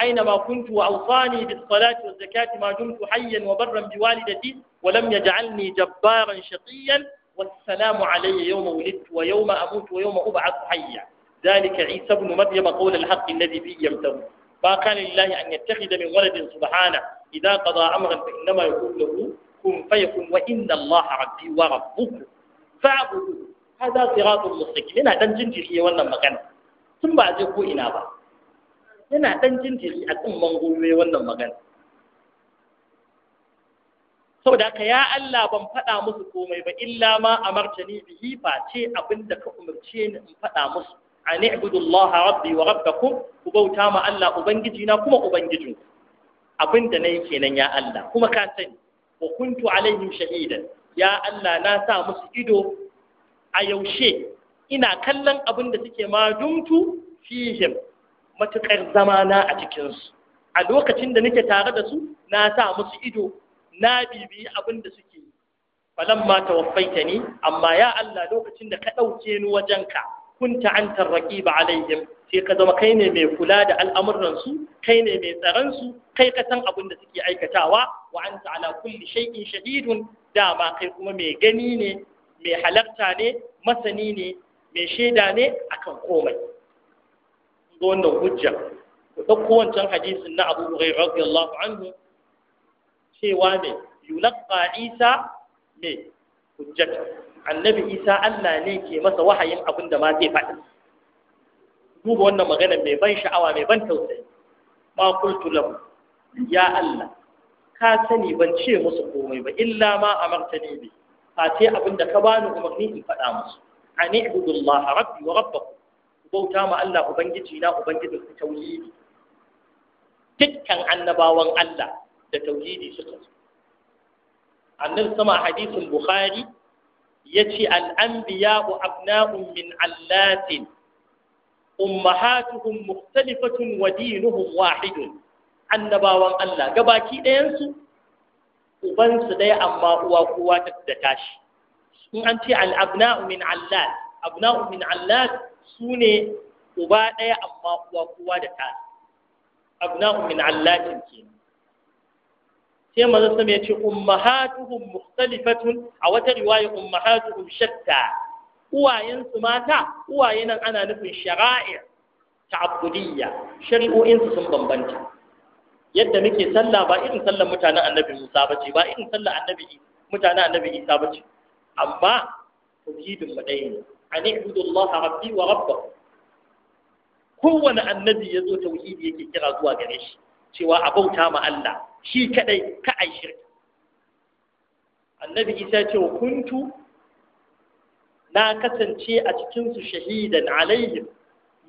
أينما كنت وأوصاني بالصلاة والزكاة ما دمت حيا وبرا بوالدتي ولم يجعلني جبارا شقيا والسلام علي يوم ولدت ويوم أموت ويوم أبعث حيا ذلك عيسى بن مريم قول الحق الذي فيه يمتر ما كان لله أن يتخذ من ولد سبحانه إذا قضى أمرا فإنما يقول له كن فيكن وإن الله ربي وربكم fa'budu hadha siratun mustaqim yana dan jinjiri wannan magana tun ba je ko ina ba yana dan jinjiri a kan mangoyoyi wannan magana saboda haka ya Allah ban faɗa musu komai ba illa ma amartani bihi fa ce abinda ka umarce ni in faɗa musu an i'budu Allah rabbi wa rabbakum ku bauta ma Allah ubangiji na kuma ubangijin abinda nayi kenan ya Allah kuma ka sani wa kuntu alaihim shahidan ya Allah na sa musu ido a yaushe ina kallon abin da suke madumtu fihim matuƙar zamana a cikinsu a lokacin da nake tare da su na sa musu ido na bibi abin da suke falamma tawaffaita ni amma ya Allah lokacin da ka ɗauke ni wajenka kunta antar raqiba alaihim sai ka zama kai ne mai kula da al'amuransu kai ne mai tsaron kai ka san abin da suke aikatawa wa anta ala kulli shay'in shahidun dama kai kuma mai gani ne mai halarta ne masani ne mai shaida ne akan komai ga wannan hujja ku ɗauko wancan hadisin na Abu Hurairah radiyallahu anhu cewa ne yulqa Isa ne hujjata annabi Isa Allah ne ke masa wahayin abin da ma zai faɗi duba wannan maganar mai ban sha'awa mai ban tausayi ma qultu lahu ya Allah ka sani ban ce musu komai ba illa ma a amartani ba. fa abin da ka bani umarni in faɗa musu ani ibudullah rabbi wa Ku bauta ma Allah ubangiji na ubangijin ku tauhidi dukkan annabawan Allah da tauhidi suka zo annabi sama hadisin bukhari yace al-anbiya'u abna'un min allatin ummahatuhum mukhtalifatun wa dinuhum wahidun annabawan Allah gabaki ɗayansu ubansu ɗaya amma uwa kowa ta da tashi in an ce al'abna'u min allad abna'u min allad su ne uba ɗaya amma uwa kowa da tashi abna'u min alladin ke sai maza sama ya ce ummahatuhum mukhtalifatun a wata riwaya ummahatuhum shatta uwayensu mata uwaye nan ana nufin shara'i ta'abbudiyya shari'o'insu sun bambanta yadda muke sallah ba irin sallar mutanen annabi Musa bace ba irin sallar annabi mutanen annabi Isa bace amma tauhidin mu ɗaya ne an ibudu Allah rabbi wa rabbakum kowane annabi ya zo tauhidi yake kira zuwa gare shi cewa a bauta ma Allah shi kadai ka ai shirka annabi Isa ce wa kuntu na kasance a cikinsu shahidan alaihim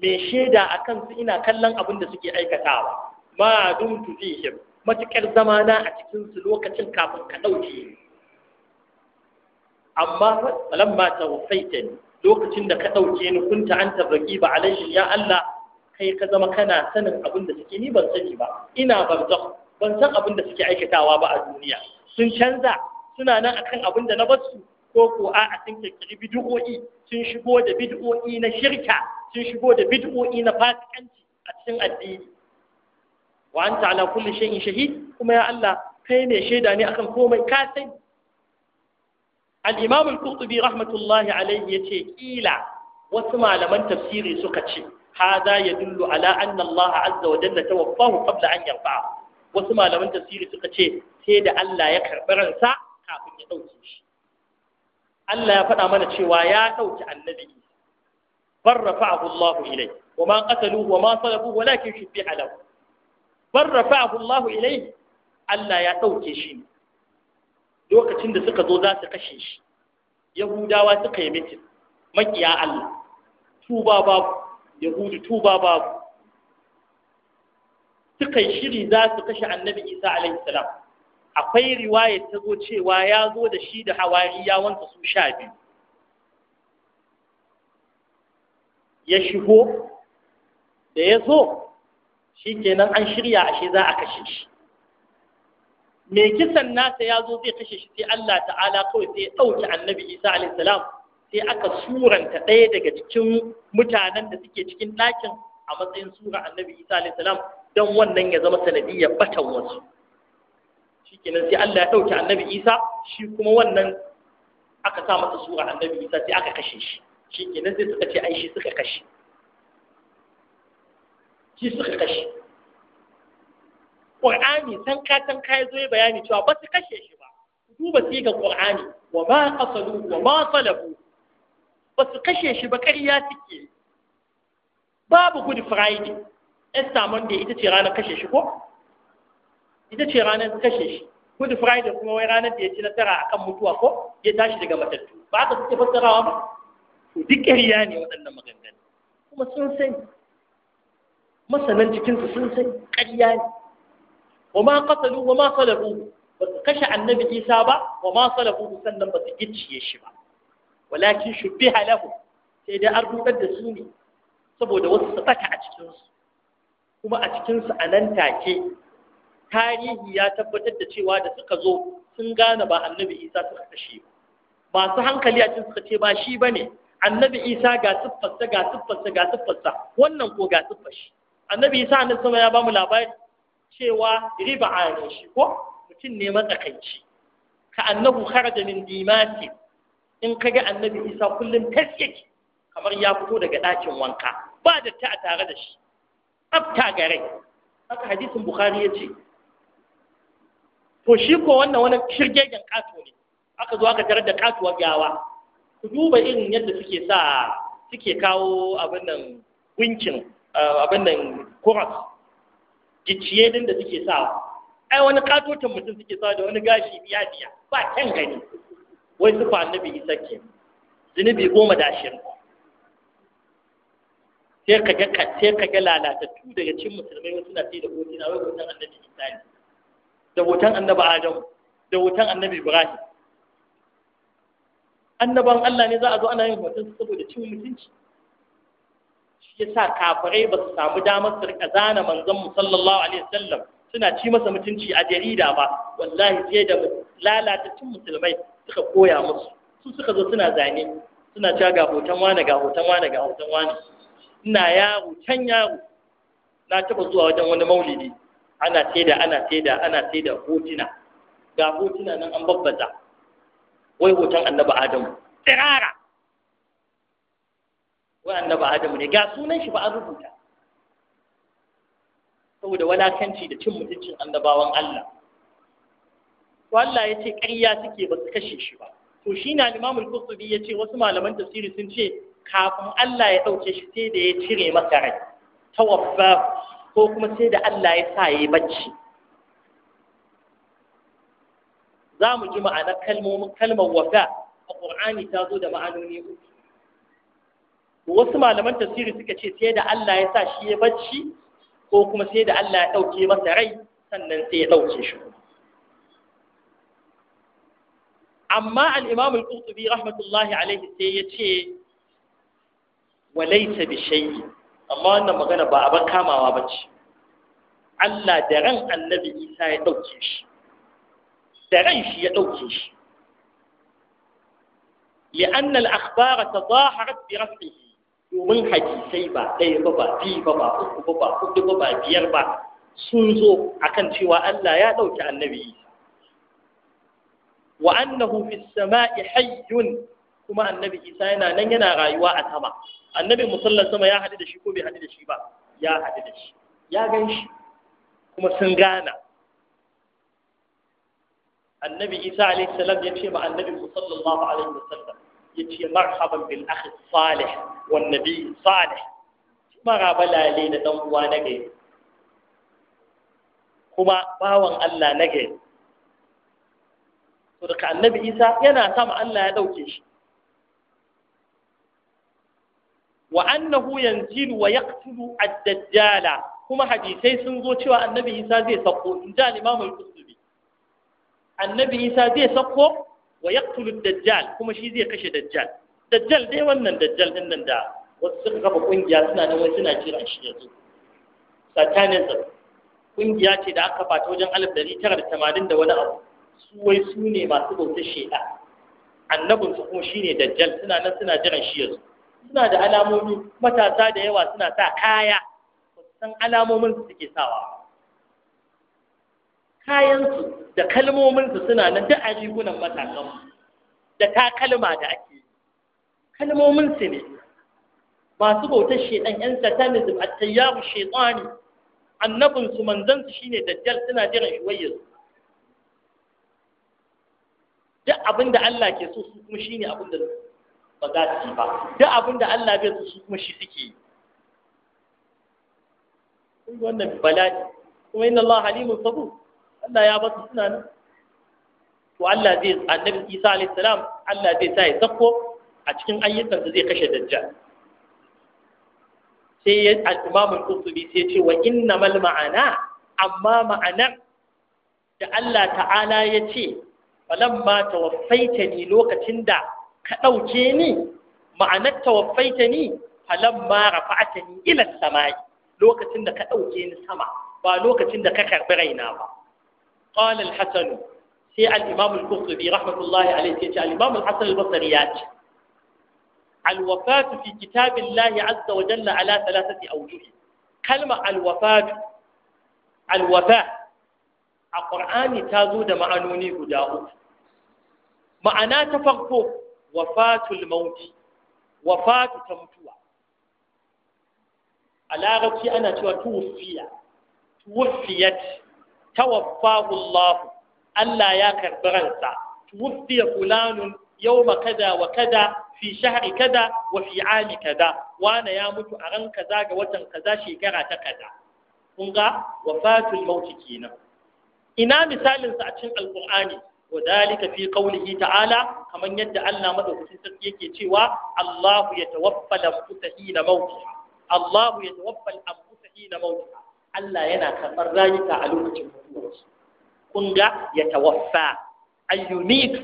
mai shaida a kansu ina kallon abin da suke aikatawa ma dumtu fihim matukar zamana a cikinsu lokacin kafin ka dauke amma lamma tawfaita lokacin da ka ɗauke ni kunta anta ba alaihim ya Allah kai ka zama kana sanin abin da suke ni ban sani ba ina barzakh ban san abin da suke aikatawa ba a duniya sun canza suna nan akan abin da na basu ko ko a sun kirkiri bid'o'i sun shigo da bid'o'i na shirka sun shigo da bid'o'i na fasikanci a cikin addini wa anta ala kulli shay'in shahid kuma ya Allah kai ne shaida ne akan komai ka sani al-imam al-qurtubi rahmatullahi alayhi yace kila wasu malaman tafsiri suka ce hada yadullu ala anna Allah azza wa jalla tawaffahu qabla an yarfa wasu malaman tafsiri suka ce sai da Allah ya karbi ransa kafin ya dauke shi Allah ya faɗa mana cewa ya ɗauki annabi bar rafa'ahu Allah ilayhi وما قتلوه وما صلبوه ولكن شبه له bar rafa'ahu Allah ilai Allah ya ɗauke shi lokacin da suka zo za su kashe shi yahudawa suka yi mitin makiya Allah tuba babu yahudu tuba babu suka yi shiri za su kashe annabi Isa alaihi salam akwai riwaya ta zo cewa ya zo da shi da hawariyawansa su sha biyu ya shigo da ya zo shi kenan an shirya ashe za a kashe shi mai kisan nasa ya zo zai kashe shi sai Allah ta'ala kawai sai ya ɗauki annabi isa alaihissalam sai aka suranta ɗaya daga cikin mutanen da suke cikin ɗakin a matsayin sura annabi isa alaihissalam don wannan ya zama sanadiyyar batan wasu shi kenan sai Allah ya ɗauki annabi isa shi kuma wannan aka sa masa sura annabi isa sai aka kashe shi shi kenan sai suka ce ai shi suka kashe shi suka kashe ƙur'ani san ka san ka zo bayani cewa ba su kashe shi ba duba siga ƙur'ani wa ma qasalu wa ma salabu ba su kashe shi ba ƙarya suke babu good friday Esther Monday ita ce ranar kashe shi ko ita ce ranar kashe shi good friday kuma wai ranar da ya ci nasara akan mutuwa ko ya tashi daga matattu ba ka suke fassarawa ba to duk ƙarya ne waɗannan maganganu kuma sun sani masanan cikinsu sun san ƙarya ne wa ma qatalu wa ma salabu ba su kashe annabi isa ba wa ma salabu sannan ba su gicciye shi ba walakin shubbiha lahu sai dai an rudar da su ne saboda wasu su saka a cikinsu kuma a cikinsu a nan take tarihi ya tabbatar da cewa da suka zo sun gane ba annabi isa suka kashe ba masu hankali a cikin suka ce ba shi ba ne annabi isa ga siffarsa ga siffarsa ga siffarsa wannan ko ga siffar shi annabi isa annabi sama ya bamu labari cewa riba ne shi ko mutum ne matsakaici ka annabu kharaja min dimati in kage annabi isa kullum tas yake kamar ya fito daga dakin wanka ba da ta tare da shi tsafta gare haka hadisin bukhari ya ce to shi ko wannan wani shirgegen kato ne aka zo aka tarar da kato gawa ku duba irin yadda suke sa suke kawo abin nan gunkin Eh, abin nan kuras gicciye din da suke sawa ai wani katotin mutum suke sawa da wani gashi biya biya ba kyan gani wai fa'an annabi isa ke zunubi goma da ashirin sai ka ga sai ka ga lalatattu daga cin musulmai wasu na sai da hotuna wai hoton annabi isa ne da hoton annabi adamu da hoton annabi ibrahim annaban Allah ne za a zo ana yin hoton saboda cin mutunci shi sa kafirai ba su samu damar su rika zana manzon mu sallallahu alaihi wasallam suna ci masa mutunci a jarida ba wallahi sai da lalata cin musulmai suka koya musu su suka zo suna zane suna cewa ga hoton wani ga hoton wani ga hoton wani ina yaro can yaro na taba zuwa wajen wani maulidi ana saida ana saida ana saida hotuna ga hotuna nan an babbaza. wai hoton annabi adamu tsirara wai annabi adamu ne ga sunan shi ba an rubuta saboda walakanci da cin mutuncin annabawan Allah to Allah ya ce ƙarya suke ba su kashe shi ba to shi na Imam Al-Qurtubi ya ce wasu malaman tafsiri sun ce kafin Allah ya ɗauke shi sai da ya cire masa rai tawaffa ko kuma sai da Allah ya sa yayi bacci za mu ji ma'anar kalmomin kalmar wafa a Qur'ani ta zo da ma'anoni uku wasu malaman tasiri suka ce sai da Allah ya sa shi ya bacci ko kuma sai da Allah ya ɗauke masa rai sannan sai ya ɗauke shi amma al-imam rahmatullahi alaihi sai ya ce walaita bi shay'in amma wannan magana ba abin kamawa ba ce Allah da ran annabi Isa ya ɗauke shi da ran shi ya ɗauke shi li'annal al-akhbara tadaharat bi rafihi domin hadisai ba ɗaya ba ba biyu ba ba uku ba ba hudu ba ba biyar ba sun zo akan cewa Allah ya ɗauki annabi wa annahu fis sama'i hayyun kuma annabi Isa yana nan yana rayuwa a sama annabi musallan sama ya haɗu da shi ko bai haɗu da shi ba ya haɗu da shi ya gan shi kuma sun gana annabi Isa alaihi salam ya ce ma annabi sallallahu alaihi wasallam yace marhaban bil akh salih wan nabi salih maraba lale da dan uwa na gari kuma bawan Allah na gari to daga annabi Isa yana sama Allah ya dauke shi wa annahu yanzilu wa yaqtulu ad-dajjala kuma hadisai sun zo cewa annabi Isa zai sako in ji al-Imam al-Qurtubi annabi Isa zai sako wa yaqtulu dajjal kuma shi zai kashe dajjal dajjal dai wannan dajjal din nan da wasu suka kafa kungiya suna nan wasu suna jira shi yanzu satanism kungiya ce da aka fata wajen alif tara da tamanin da wani abu su wai su ne masu bautar sheda annabin su kuma shine dajjal suna nan suna jiran shi yanzu suna da alamomi matasa da yawa suna sa kaya san alamomin su suke sawa kayansu da kalmominsu suna nan duk a rigunan matakan da takalma da ake kalmominsu ne masu bautar shedan yan satanism a tayyaru shaitani annabinsu manzansu shine dajjal suna jiran shuwayyar duk abin da Allah ke so su kuma shine abin da ba za su yi ba duk abin da Allah bai so su kuma shi suke yi wannan bala'i kuma inna Allah halimun sabur Allah ya basu suna nan to Allah zai annabi Isa alayhi salam Allah zai sa ya sako a cikin ayyukan da zai kashe dajjal sai ya al-Imam al-Qurtubi sai ya ce wa mal ma'ana amma ma'anar da Allah ta'ala ya ce falamma ni lokacin da ka ɗauke ni ma'anar tawaffaitani falamma rafa'atani ila samai lokacin da ka ɗauke ni sama ba lokacin da ka karbi raina ba قال الحسن في الإمام الكفري رحمة الله عليه كيش الإمام الحسن البصريات الوفاة في كتاب الله عز وجل على ثلاثة أوجه كلمة الوفاة الوفاة القرآن تازود معنوني هداه معناه تفقه وفاة الموت وفاة تمتوى على غير أنا توفي توفيت tawaffahu Allah Allah ya karɓi ransa tuwfiya fulanun yawma kada wa kada fi shahari kada wa fi ami kada wane ya mutu a ran kaza ga watan kaza shekara ta kada. kun ga wafatul kenan ina misalin sa a cikin alqur'ani wadalika fi qawlihi ta'ala kaman yadda Allah madaukakin sarki yake cewa Allahu yatawaffa al-anfusa hina Allahu Allah yana karɓar rayuka a lokacin mutuwarsu kun ga ya tawaffa ayyumitu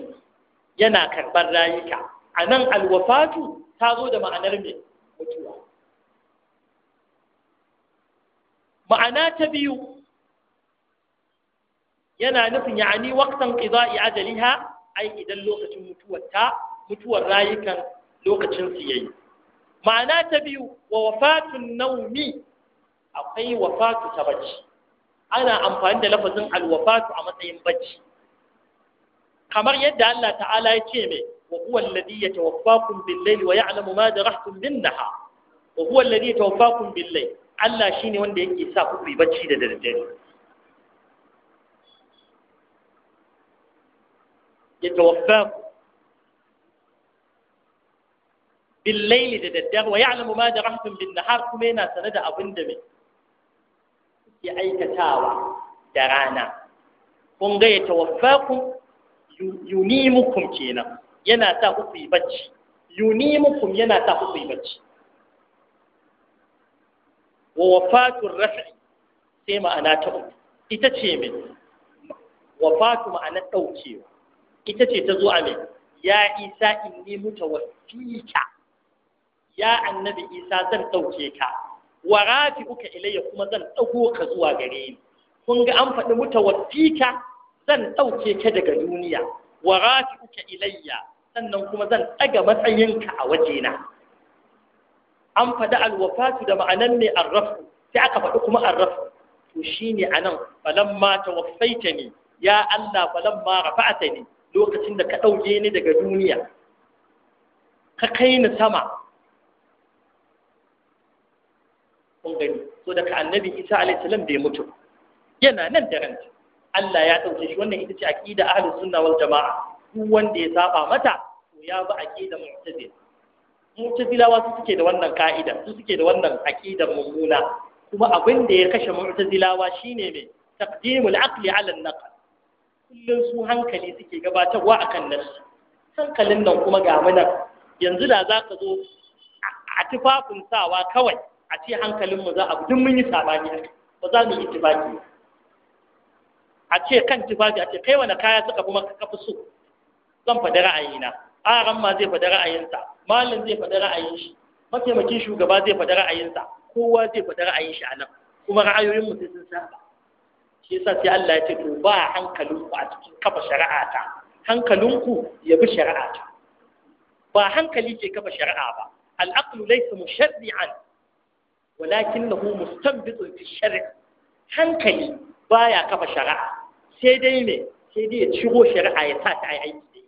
yana karɓar rayuka a nan alwafatu ta zo da ma'anar mai mutuwa ma'ana ta biyu yana nufin ya'ani waqtan qida'i ajaliha ai idan lokacin mutuwar ta mutuwar rayukan lokacin su yayi ma'ana ta biyu wa wafatun naumi akwai wafatu ta bacci ana amfani da lafazin alwafatu a matsayin bacci kamar yadda Allah ta'ala ya ce mai wa huwa alladhi yatawaffakum bil-layli wa ya'lamu ma jarahtum bin-nahar wa huwa alladhi yatawaffakum bil-layli Allah shine wanda yake sa ku yi bacci da daddare yatawaffakum bil-layli da daddare wa ya'lamu ma jarahtum bin-nahar kuma yana sanada abinda mai ke aikatawa da rana kun ga ya Yuni yunimukum kenan yana sa ku yi bacci yunimukum yana sa ku yi bacci wa wafatun rafi sai ma'ana ta uku ita ce mai wafatu ma'ana ɗaukewa ita ce ta zo a mai ya isa in ni muta wasika ya annabi isa zan ɗauke ka wa uka ilayya kuma zan ɗauko ka zuwa gare ni kun ga an faɗi mutawaffika zan ɗauke ka daga duniya wa uka ilayya sannan kuma zan ɗaga matsayinka a wajena an faɗi alwafatu da ma'anan ne arrafu sai aka faɗi kuma arrafu to shine anan falamma ni? ya Allah falamma ni? lokacin da ka ɗauke ni daga duniya ka kai sama kun gani so daga annabi isa alaihi salam bai mutu yana nan da ranta Allah ya ɗauke shi wannan ita ce aqida ahlus sunna wal jama'a duk wanda ya saba mata to ya bi aqida mu'tazila mu'tazilawa su suke da wannan ka'ida su suke da wannan aqida mummuna kuma abin da ya kashe mu'tazilawa shine me taqdimul aqli ala an-naql kullun su hankali suke gabatarwa akan nafsi hankalin nan kuma ga mu yanzu da za ka zo a tufafin sawa kawai a ce hankalinmu za a duk mun yi sabani ba za mu yi tufaki a ce kan tufafi a ce kai wani kaya suka fi maka kafi so zan faɗi ra'ayina aran ma zai faɗi ra'ayinsa malin zai faɗi ra'ayin shi mataimakin shugaba zai faɗi ra'ayinsa kowa zai faɗi ra'ayin shi a nan kuma ra'ayoyin mu sai sun saba shi yasa sai Allah ya ce to ba hankalinku a cikin kafa shari'ata hankalinku ya bi shari'ata ba hankali ke kafa shari'a ba al'aqlu laysa mushaddi'an walakin lahu mustanbitun fi shari'a hankali baya kafa shari'a sai dai me sai dai ya ciro shari'a ya sa ta ai aiki dai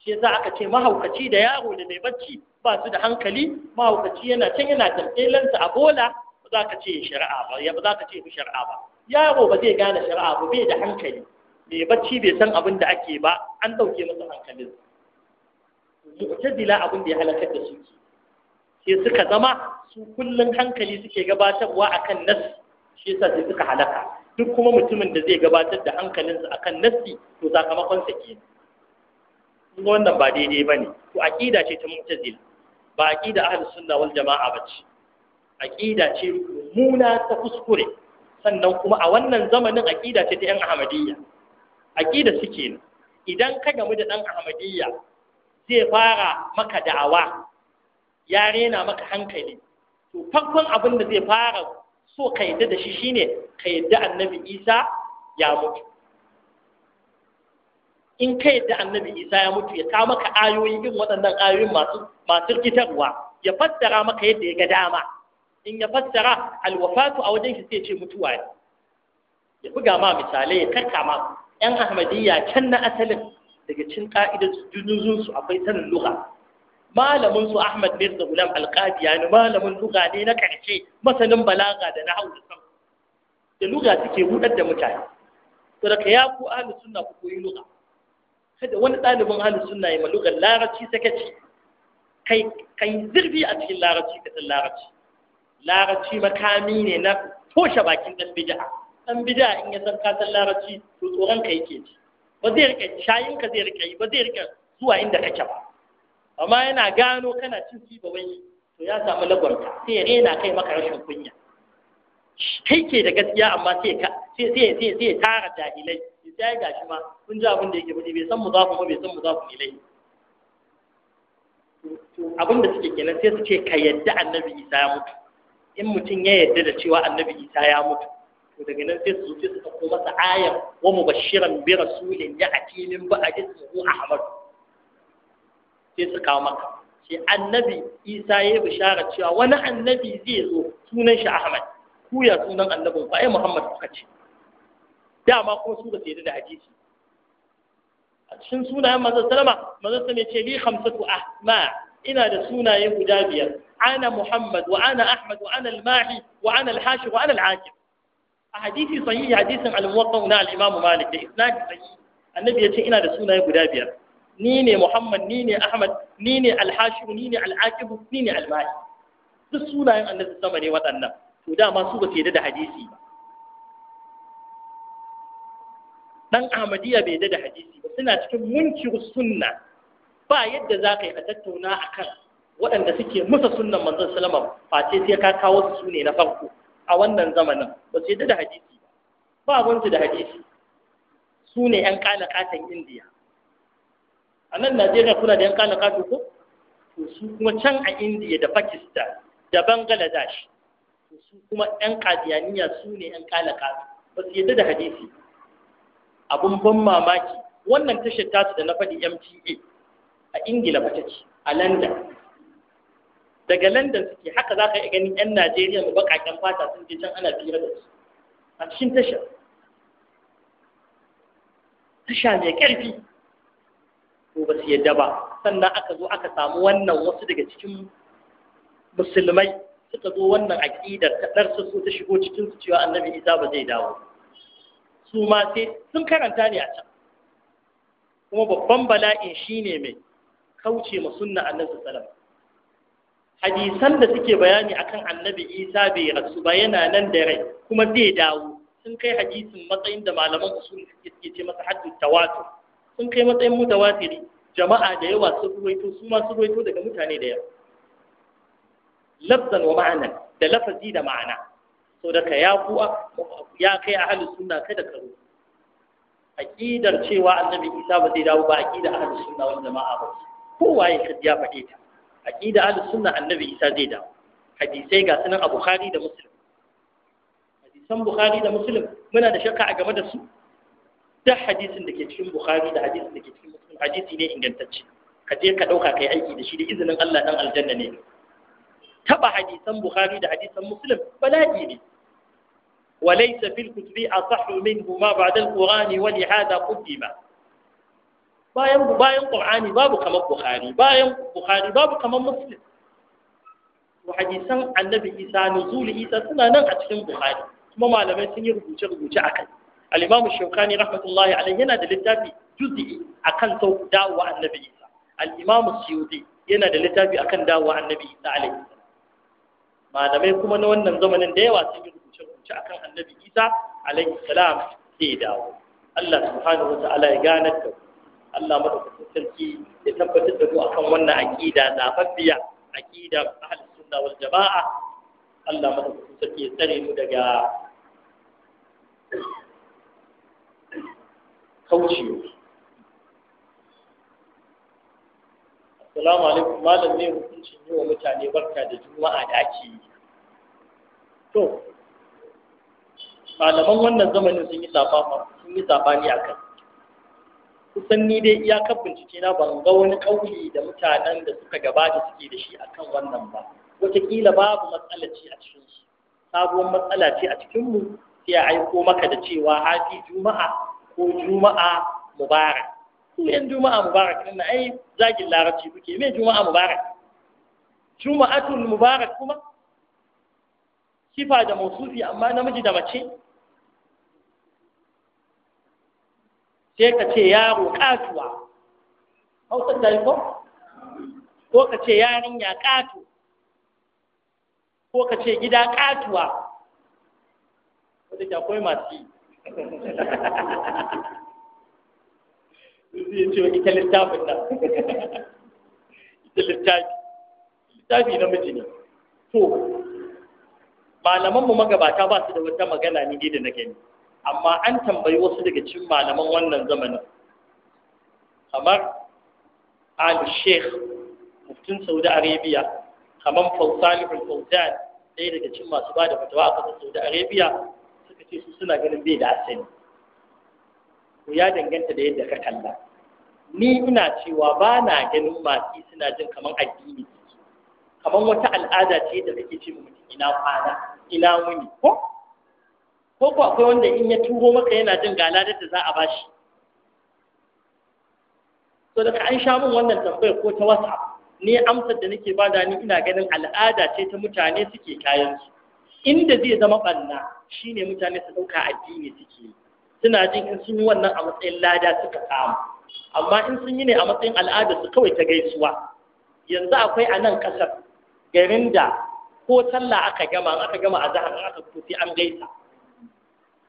shi yasa aka ce mahaukaci da yaro da mai bacci ba su da hankali mahaukaci yana can yana tambelansa a bola ba za ka ce shari'a ba ya ba za ka ce shari'a ba yaro ba zai gane shari'a ba bai da hankali mai bacci bai san abin da ba an ɗauke masa hankalin mu'tazila abin da ya halakar da su sai suka zama su kullum hankali suke gabatarwa akan nas shi yasa sai suka halaka duk kuma mutumin da zai gabatar da hankalinsa akan nassi to sakamakon sa ke wannan ba daidai ba Ko to ƙida ce ta mu'tazila ba a ahlus sunna wal jama'a ba A ƙida ce muna ta kuskure sannan kuma a wannan zamanin ƙida ce ta yan ahmadiyya ƙida suke ne idan ka gamu da ɗan ahmadiyya zai fara maka da'awa ya rena maka hankali to farkon abin da zai fara so ka yadda da shi shine ka yadda annabi isa ya mutu in ka yadda annabi isa ya mutu ya kawo maka ayoyi bin waɗannan ayoyin masu masu rikitarwa ya fassara maka yadda ya ga dama in ya fassara alwafatu a wajen shi sai ce mutuwa ne ya buga ma misalai ya karka ma yan ahmadiyya can na asalin daga cin ka'idar junuzunsu akwai sanin lura malamin su Ahmad bin Zuhulam Al-Qadiyani malamin lugha ne na karshe masanin balaga da nahwu da sam da lugha suke hudar da mutane to da ya ku ahli sunna ku koyi lugha kada wani ɗalibin ahli sunna ya maluga larabci sakaci kai kai zirbi a cikin larabci ka san larabci larabci makami ne na toshe bakin dan bid'a dan bid'a in ya san ka san larabci to tsoron ka yake ji ba zai rike shayin ka zai rike ba zai rike zuwa inda kake ba amma yana gano kana cin ba wai to ya samu lagwarta sai ya rena kai maka rashin kunya kai ke da gaskiya amma sai ya sai sai tara jahilai sai ya gashi ma kun ji abin da yake faɗi bai san mu za ku ba bai san mu za ku lai abin da suke kenan sai su ce ka yadda annabi isa ya mutu in mutum ya yadda da cewa annabi isa ya mutu to daga nan sai su zo sai su ɗauko masa ayar wa mubashiran bi rasulin ya ati min ba'di ismuhu ahmad sai su kawo maka sai annabi isa ya bishara cewa wani annabi zai zo sunan shi ahmad ku ya sunan annabin ba ai muhammad kuka ce dama kuma su ba su da hadisi a cikin sunayen manzon sallama manzon sallama ce li khamsatu ahma ina da sunaye guda biyar ana muhammad wa ana ahmad wa ana al-mahi wa ana al-hashir wa ana al-aqib a hadisi sahihi hadisin al-muwatta na al-imam malik da isnad sahihi annabi ya ce ina da sunaye guda biyar ni ne Muhammad ni ne Ahmad ni ne al ni ne al ni ne Al-Mahi duk sunayen Annabi sama ne waɗannan to dama su ba su yadda da hadisi ba dan Ahmadiyya bai yadda da hadisi ba suna cikin munkiru sunna ba yadda za ka yi a tattauna a kan waɗanda suke musa sunnan manzon sallama face sai ka kawo su su ne na farko a wannan zamanin ba su yadda da hadisi ba ba wanzu da hadisi su ne 'yan kala katan indiya a nan najeriya kuna da yan kana kato ko to su kuma can a indiya da pakistan da bangladesh to su kuma yan kadiyaniya su ne yan kana kato ba su yadda da hadisi abun ban mamaki wannan tashar tasu da na faɗi mta a ingila ba ta ce a london daga london suke haka za ka yi ganin yan najeriya mu baƙaƙen fata sun je can ana fira da su a cikin tashar tasha mai ƙarfi ko ba su yadda ba sannan aka zo aka samu wannan wasu daga cikin musulmai suka zo wannan aƙidar ta ɗarsa so ta shigo cikin su cewa annabi isa ba zai dawo su ma sai sun karanta ne a can kuma babban bala'in shine mai kauce ma sunna annabi Salam. hadisan da suke bayani akan annabi isa bai rasu ba yana nan da rai kuma zai dawo sun kai hadisin matsayin da malaman usul suke ce masa haddu tawatur sun kai matsayin mutawatiri jama'a da yawa sun ruwaito su ma sun ruwaito daga mutane da yawa lafzan wa ma'anan da lafazi da ma'ana so daga ya kuwa ya kai a halin suna kada ka ruwa ƙidar cewa annabi Isa ba zai dawo ba a halin suna wani jama'a ba kowa ya kaji ya faɗe ta aqida halin suna annabi Isa zai dawo hadisai ga sunan a Bukhari da Muslim hadisan Bukhari da Muslim muna da shakka a game da su duk hadisin da ke cikin bukhari da hadisin da ke cikin muslim hadisi ne ingantacce ka je ka ɗauka kai aiki da shi da izinin Allah dan aljanna ne taba hadisan bukhari da hadisan muslim bala'i ne وليس في الكتب أصح منهما بعد القرآن ولهذا قدم bayan bayan Qur'ani babu kamar Bukhari bayan Bukhari babu kamar Muslim wa Annabi Isa nuzul Isa suna nan a cikin Bukhari kuma malamai sun yi rubuce rubuce al shaukani rahmatullahi alayhi yana da littafi juz'i akan sau dawowa annabi isa al-imam suyuti yana da littafi akan dawowa annabi isa alayhi malamai kuma na wannan zamanin da yawa sun yi rubuce rubuce akan annabi isa alayhi salam sai ya dawo Allah subhanahu wa ta'ala ya gane da Allah madaukakin sarki ya tabbatar da mu akan wannan aqida zafaffiya aqida ahlus sunna wal jamaa Allah madaukakin sarki ya tsare mu daga kaucewa assalamu alaikum malam ne hukuncin yi wa mutane barka da juma'a da ake yi to malaman wannan zamanin sun yi safa sun yi kusan ni dai iyakar bincike na ban ga wani kauli da mutanen da suka gabata suke da shi akan wannan ba wataƙila babu matsala ce a cikin su sabuwar matsala ce a cikin mu sai a aiko maka da cewa hafi juma'a ko juma'a mubarak ku yan juma'a mubarak din ai zagin larabci kuke me juma'a mubarak juma'atul mubarak kuma sifa da mausufi amma namiji da mace sai ka ce yaro Hausa hausar da ko ko ka ce yarinya katu ko ka ce gida katuwa wadda ke akwai masu yi zai ce ita littafin nan ita littafi littafi na miji ne to malamanmu magabata ba su da wata magana ni dai da na gani amma an tambayi wasu daga cikin malaman wannan zamanin kamar al-sheikh muftin saudi arabia kamar fausali bin fauzan ɗaya daga cikin masu ba da fatawa a ƙasar saudi arabia ce su suna ganin bai da asali to ya danganta da yadda ka kalla ni ina cewa ba na ganin masu suna jin kamar addini kamar wata al'ada ce da kake ce mutum ina kwana ina wuni ko ko ko akwai wanda in ya turo maka yana jin gala da za a bashi to daga an sha min wannan tambayar ko ta whatsapp ni amsar da nake bada ni ina ganin al'ada ce ta mutane suke kayan su inda zai zama shi shine mutane su dauka addini suke suna jin in sun yi wannan a matsayin lada suka samu amma in sun yi ne a matsayin al'ada su kawai ta gaisuwa yanzu akwai a nan ƙasar garin da ko sallah aka gama aka gama a zahar aka fito sai an gaisa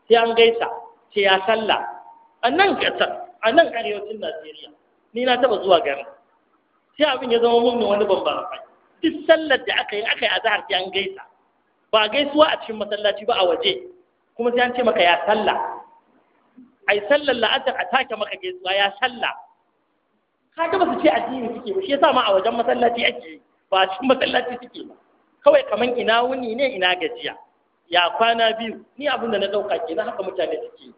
sai an gaisa sai ya sallah a nan ƙasar a nan arewacin Najeriya ni na taba zuwa garin sai abin ya zama mun wani bambara duk sallar da aka yi aka yi a zahar sai an gaisa ba a gaisuwa a cikin masallaci ba a waje kuma sai an ce maka ya sallah ai sallar la'asar a take maka gaisuwa ya sallah Ka ba su ce addini suke ba shi yasa ma a wajen masallaci ake ba a cikin masallaci suke ba kawai kaman ina wuni ne ina gajiya ya kwana biyu ni abin da na dauka na haka mutane suke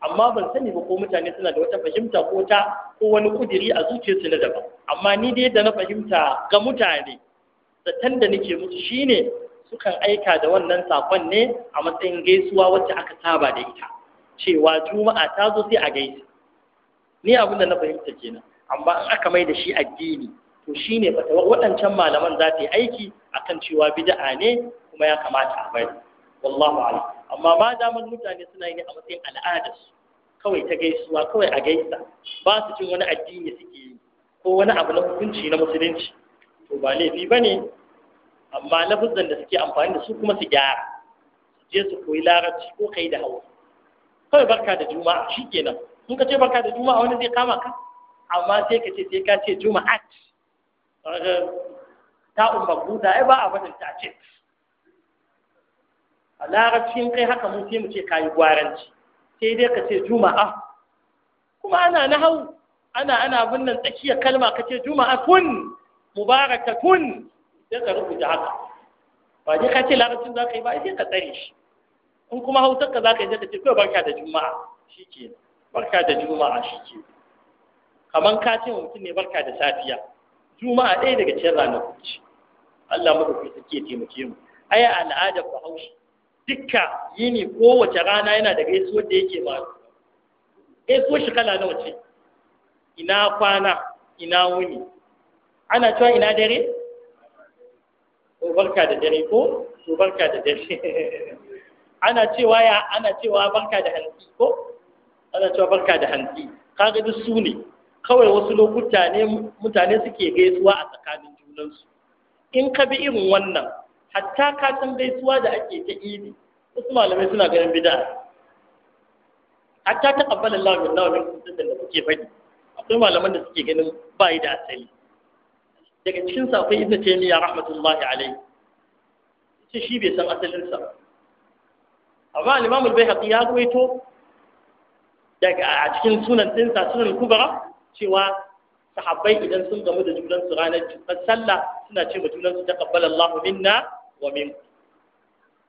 amma ban sani ba ko mutane suna da wata fahimta ko ta ko wani kudiri a zuciyarsu na daban amma ni dai da na fahimta ga mutane zaton da nake musu shine sukan aika da wannan sakon ne a matsayin gaisuwa wacce aka saba da ita cewa juma'a ta zo sai a gaisa ni abin da na fahimta kenan amma aka mai da shi addini to shine fata waɗancan malaman za ta yi aiki akan cewa bid'a ne kuma ya kamata a bari wallahu a'lam amma ma damar mutane suna yi a matsayin al'adarsu kawai ta gaisuwa kawai a gaisa ba su cin wani addini suke yi ko wani abu na hukunci na musulunci to ba laifi ba ne amma lafazan da suke amfani da su kuma su gyara je su koyi larabci ko kai da hawa kawai barka da juma'a shikenan Kun ka ce barka da juma'a wani zai kama ka amma sai ka ce sai ka ce juma'at ta umma ai ba a faɗin ta ce a larabcin kai haka mun sai mu ce kayi gwaranci sai dai ka ce juma'a kuma ana na hau, ana ana binnan tsakiyar kalma ka ce juma'a kun mubarakatun sai ka rubuta haka ba ji ka ce larabcin za ka yi ba sai ka tsare shi in kuma hausar ka za ka yi sai ka ce kawai barka da juma'a shi ke barka da juma'a shi ke kamar ka ce mutum ne barka da safiya juma'a ɗaya daga cikin ranar kuci Allah mu ɗauki suke taimake mu ai al'adar bahaushe dukka yini kowace rana yana da gaisuwar da yake ma gaisuwar shi kala nawa ce ina kwana ina wuni ana cewa ina dare barka da dare ko to barka da dare ana cewa ya ana cewa barka da hanci ko ana cewa barka da hantsi kaga duk su ne kawai wasu lokuta ne mutane suke gaisuwa a tsakanin junansu in ka bi irin wannan hatta ka san gaisuwa da ake ta idi wasu malamai suna ganin bid'a hatta ta kabbala Allah min nawa min da kuke faɗi akwai malaman da suke ganin bai da asali daga cikin sa akwai ibnu taymiya rahmatullahi alayhi shi shi bai san asalin sa amma al-imam al-bayhaqi ya gwaito daga a cikin sunan din sa sunan kubra cewa sahabbai idan sun gamu da junan su ranar sallah suna ce junan su taqabbal Allahu minna wa minkum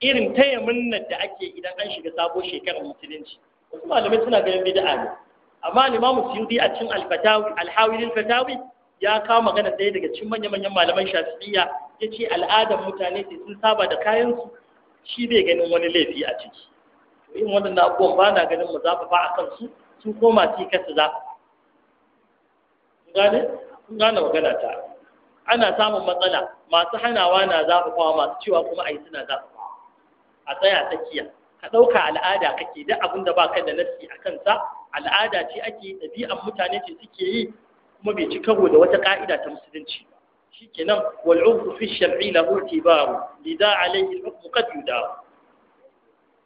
irin taya murnar da ake idan an shiga sabo shekarar musulunci wasu malamai suna ganin bid'a ne amma al-imam suyudi a cikin al-fatawi al-hawil al-fatawi ya kawo magana ɗaya daga cikin manya-manyan malaman shafi'iyya ya ce al'adar mutane sai sun saba da kayansu shi bai ganin wani laifi a ciki in waɗanda abubuwan ba na ganin mu zafa ba a kansu su koma su kasu za gane kun gane magana ta ana samun matsala masu hanawa na zafafawa masu cewa kuma yi suna zaɓa. a tsaya tsakiya ka ɗauka al'ada kake duk abin da ba ka da nafi a kansa al'ada ce ake ɗabi'an mutane ce suke yi kuma bai ci karo da wata ka'ida ta musulunci shi kenan wal urfu fi shar'i lahu tibaru lida alayhi al-hukmu qad yudaru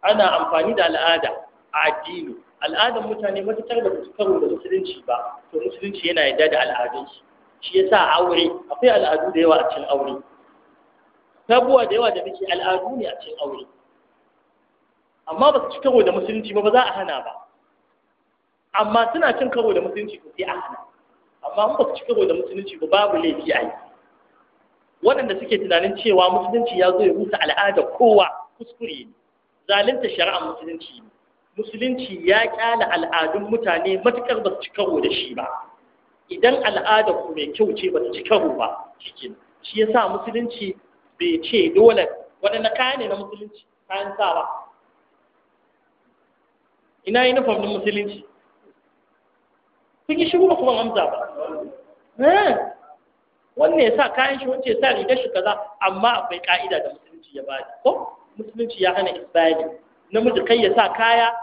ana amfani da al'ada a addini al'adan mutane matukar da su karo da musulunci ba to musulunci yana yadda da al'adun shi yasa aure akwai al'adu da yawa a cikin aure sabuwa da yawa da muke al'adu ne a cikin aure amma ba su ci karo da musulunci ba ba za a hana ba amma suna cin karo da musulunci ko sai a hana amma ba su cika da musulunci ba babu laifi a yi waɗanda suke tunanin cewa musulunci ya zo ya rusa al'ada kowa kuskure ne zalunta shari'ar musulunci ne musulunci ya kyale al'adun mutane matukar ba su ci karo da shi ba idan al'ada ku mai kyau ce ba su ci karo ba cikin shi ya sa musulunci bai ce dole waɗanda kaya ne na musulunci kayan sa ba ina yi nufafin musulunci kun yi shi kuma hamza ba eh. wannan ya sa kayan shi wacce ya sa rigar shi kaza amma akwai ka'ida da musulunci ya bada ko musulunci ya hana isbali namiji kai ya sa kaya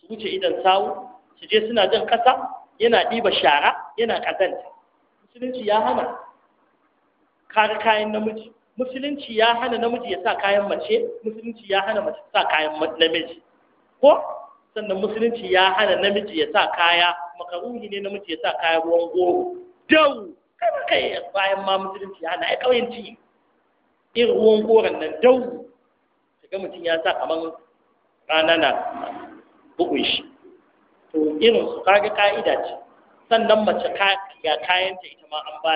su wuce idan sawu su je suna jan kasa yana ɗiba shara yana ƙazanta musulunci ya hana kare kayan namiji musulunci ya hana namiji ya sa kayan mace musulunci ya hana mace sa kayan namiji ko sannan musulunci ya hana namiji ya sa kaya makaruhi ne mutu ya sa kayan ruwan goro dau kai ba kai bayan ma musulunci na ya kauyanci irin ruwan goron nan dau ga mutum ya sa kamar rana na bugun shi to irin su kaga ka'ida ce sannan mace ka ga ta ita ma an ba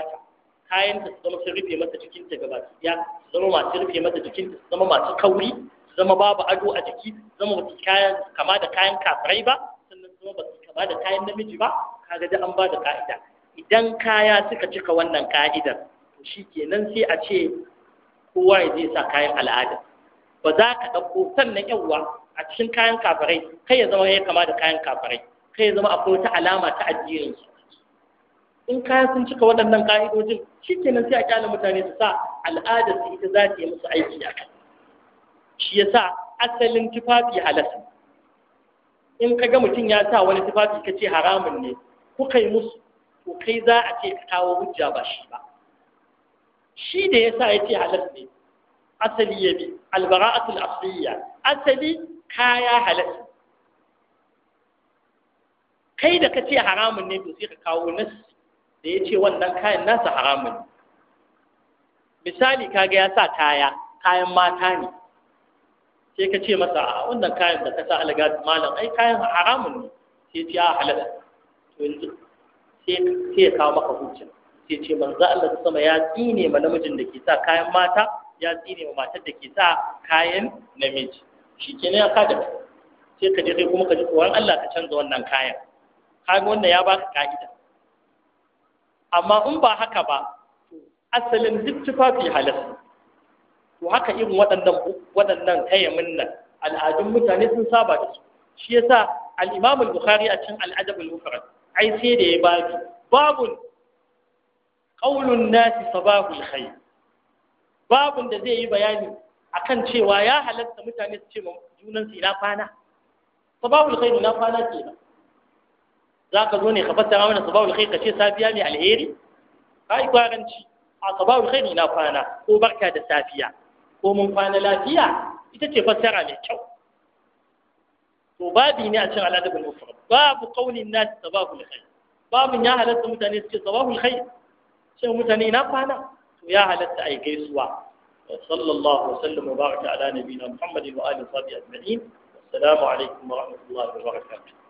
ta ta su zama sun rufe mata jikinta gaba ya zama masu rufe mata jikinta su zama masu kauri su zama babu ado a jiki su zama wasu kayan kama da kayan kafirai ba sannan su zama ba kama da kayan namiji ba kaga da an ba da ka'ida idan kaya suka cika wannan ka'idar to shikenan sai a ce kowa ya je sa kayan al'ada ba za ka ɗauko sannan yawwa a cikin kayan kafarai, kai ya zama ya kama da kayan kafarai, kai ya zama akwai wata alama ta addinin su in kaya sun cika waɗannan ka'idojin shikenan sai a kyala mutane su sa al'adar su ita za ta yi musu aiki a kai shi yasa asalin tufafi halatta in ka ga mutum ya sa wani tufafi ka ce haramun ne kuka yi musu ku kai za a ce ka kawo hujja ba shi ba shi da ya sa ya ce halal ne asali ya bi albara'atul asliya asali kaya halal kai da ka ce haramun ne to sai ka kawo nasu da ya ce wannan kayan nasa haramun misali kaga ya sa kaya kayan mata ne sai ka ce masa a wannan kayan da ka sa alaga malam ai kayan haramun ne sai ce a halaga to yanzu sai ya kawo maka hujja sai ce manzo Allah sama ya tsine ma namijin da ke sa kayan mata ya tsine ma matar da ke sa kayan namiji shikenan ya kada sai ka je kai kuma ka ji tsoron Allah ka canza wannan kayan kaga wannan ya baka ka'ida amma in ba haka ba asalin duk tufafi halal to haka irin waɗannan waɗannan tayamin nan al'adun mutane sun saba da su shi yasa al-Imam al-Bukhari a cikin al-Adab al-Mufrad ai sai da ya Babu babun qaulun nasi sabahul khair babun da zai yi bayani akan cewa ya halatta mutane su ce ma junan su ina kwana sabahul khair ina kwana kenan za ka zo ne ka fassara mana sabahul khair ka ce safiya mai alheri kai kwaranci a sabahul khair ina kwana ko barka da safiya ko mun kwana lafiya ita ce fassara mai kyau to babi ne a cikin al'adabul mufrad babu qaulin nas sabahul khair babun ya halatta mutane suke sabahul khair sai mutane na kwana to ya halatta ai gaisuwa sallallahu alaihi wasallam wa baraka ala nabiyina muhammadin wa alihi wa sahbihi ajma'in assalamu alaikum wa rahmatullahi wa barakatuh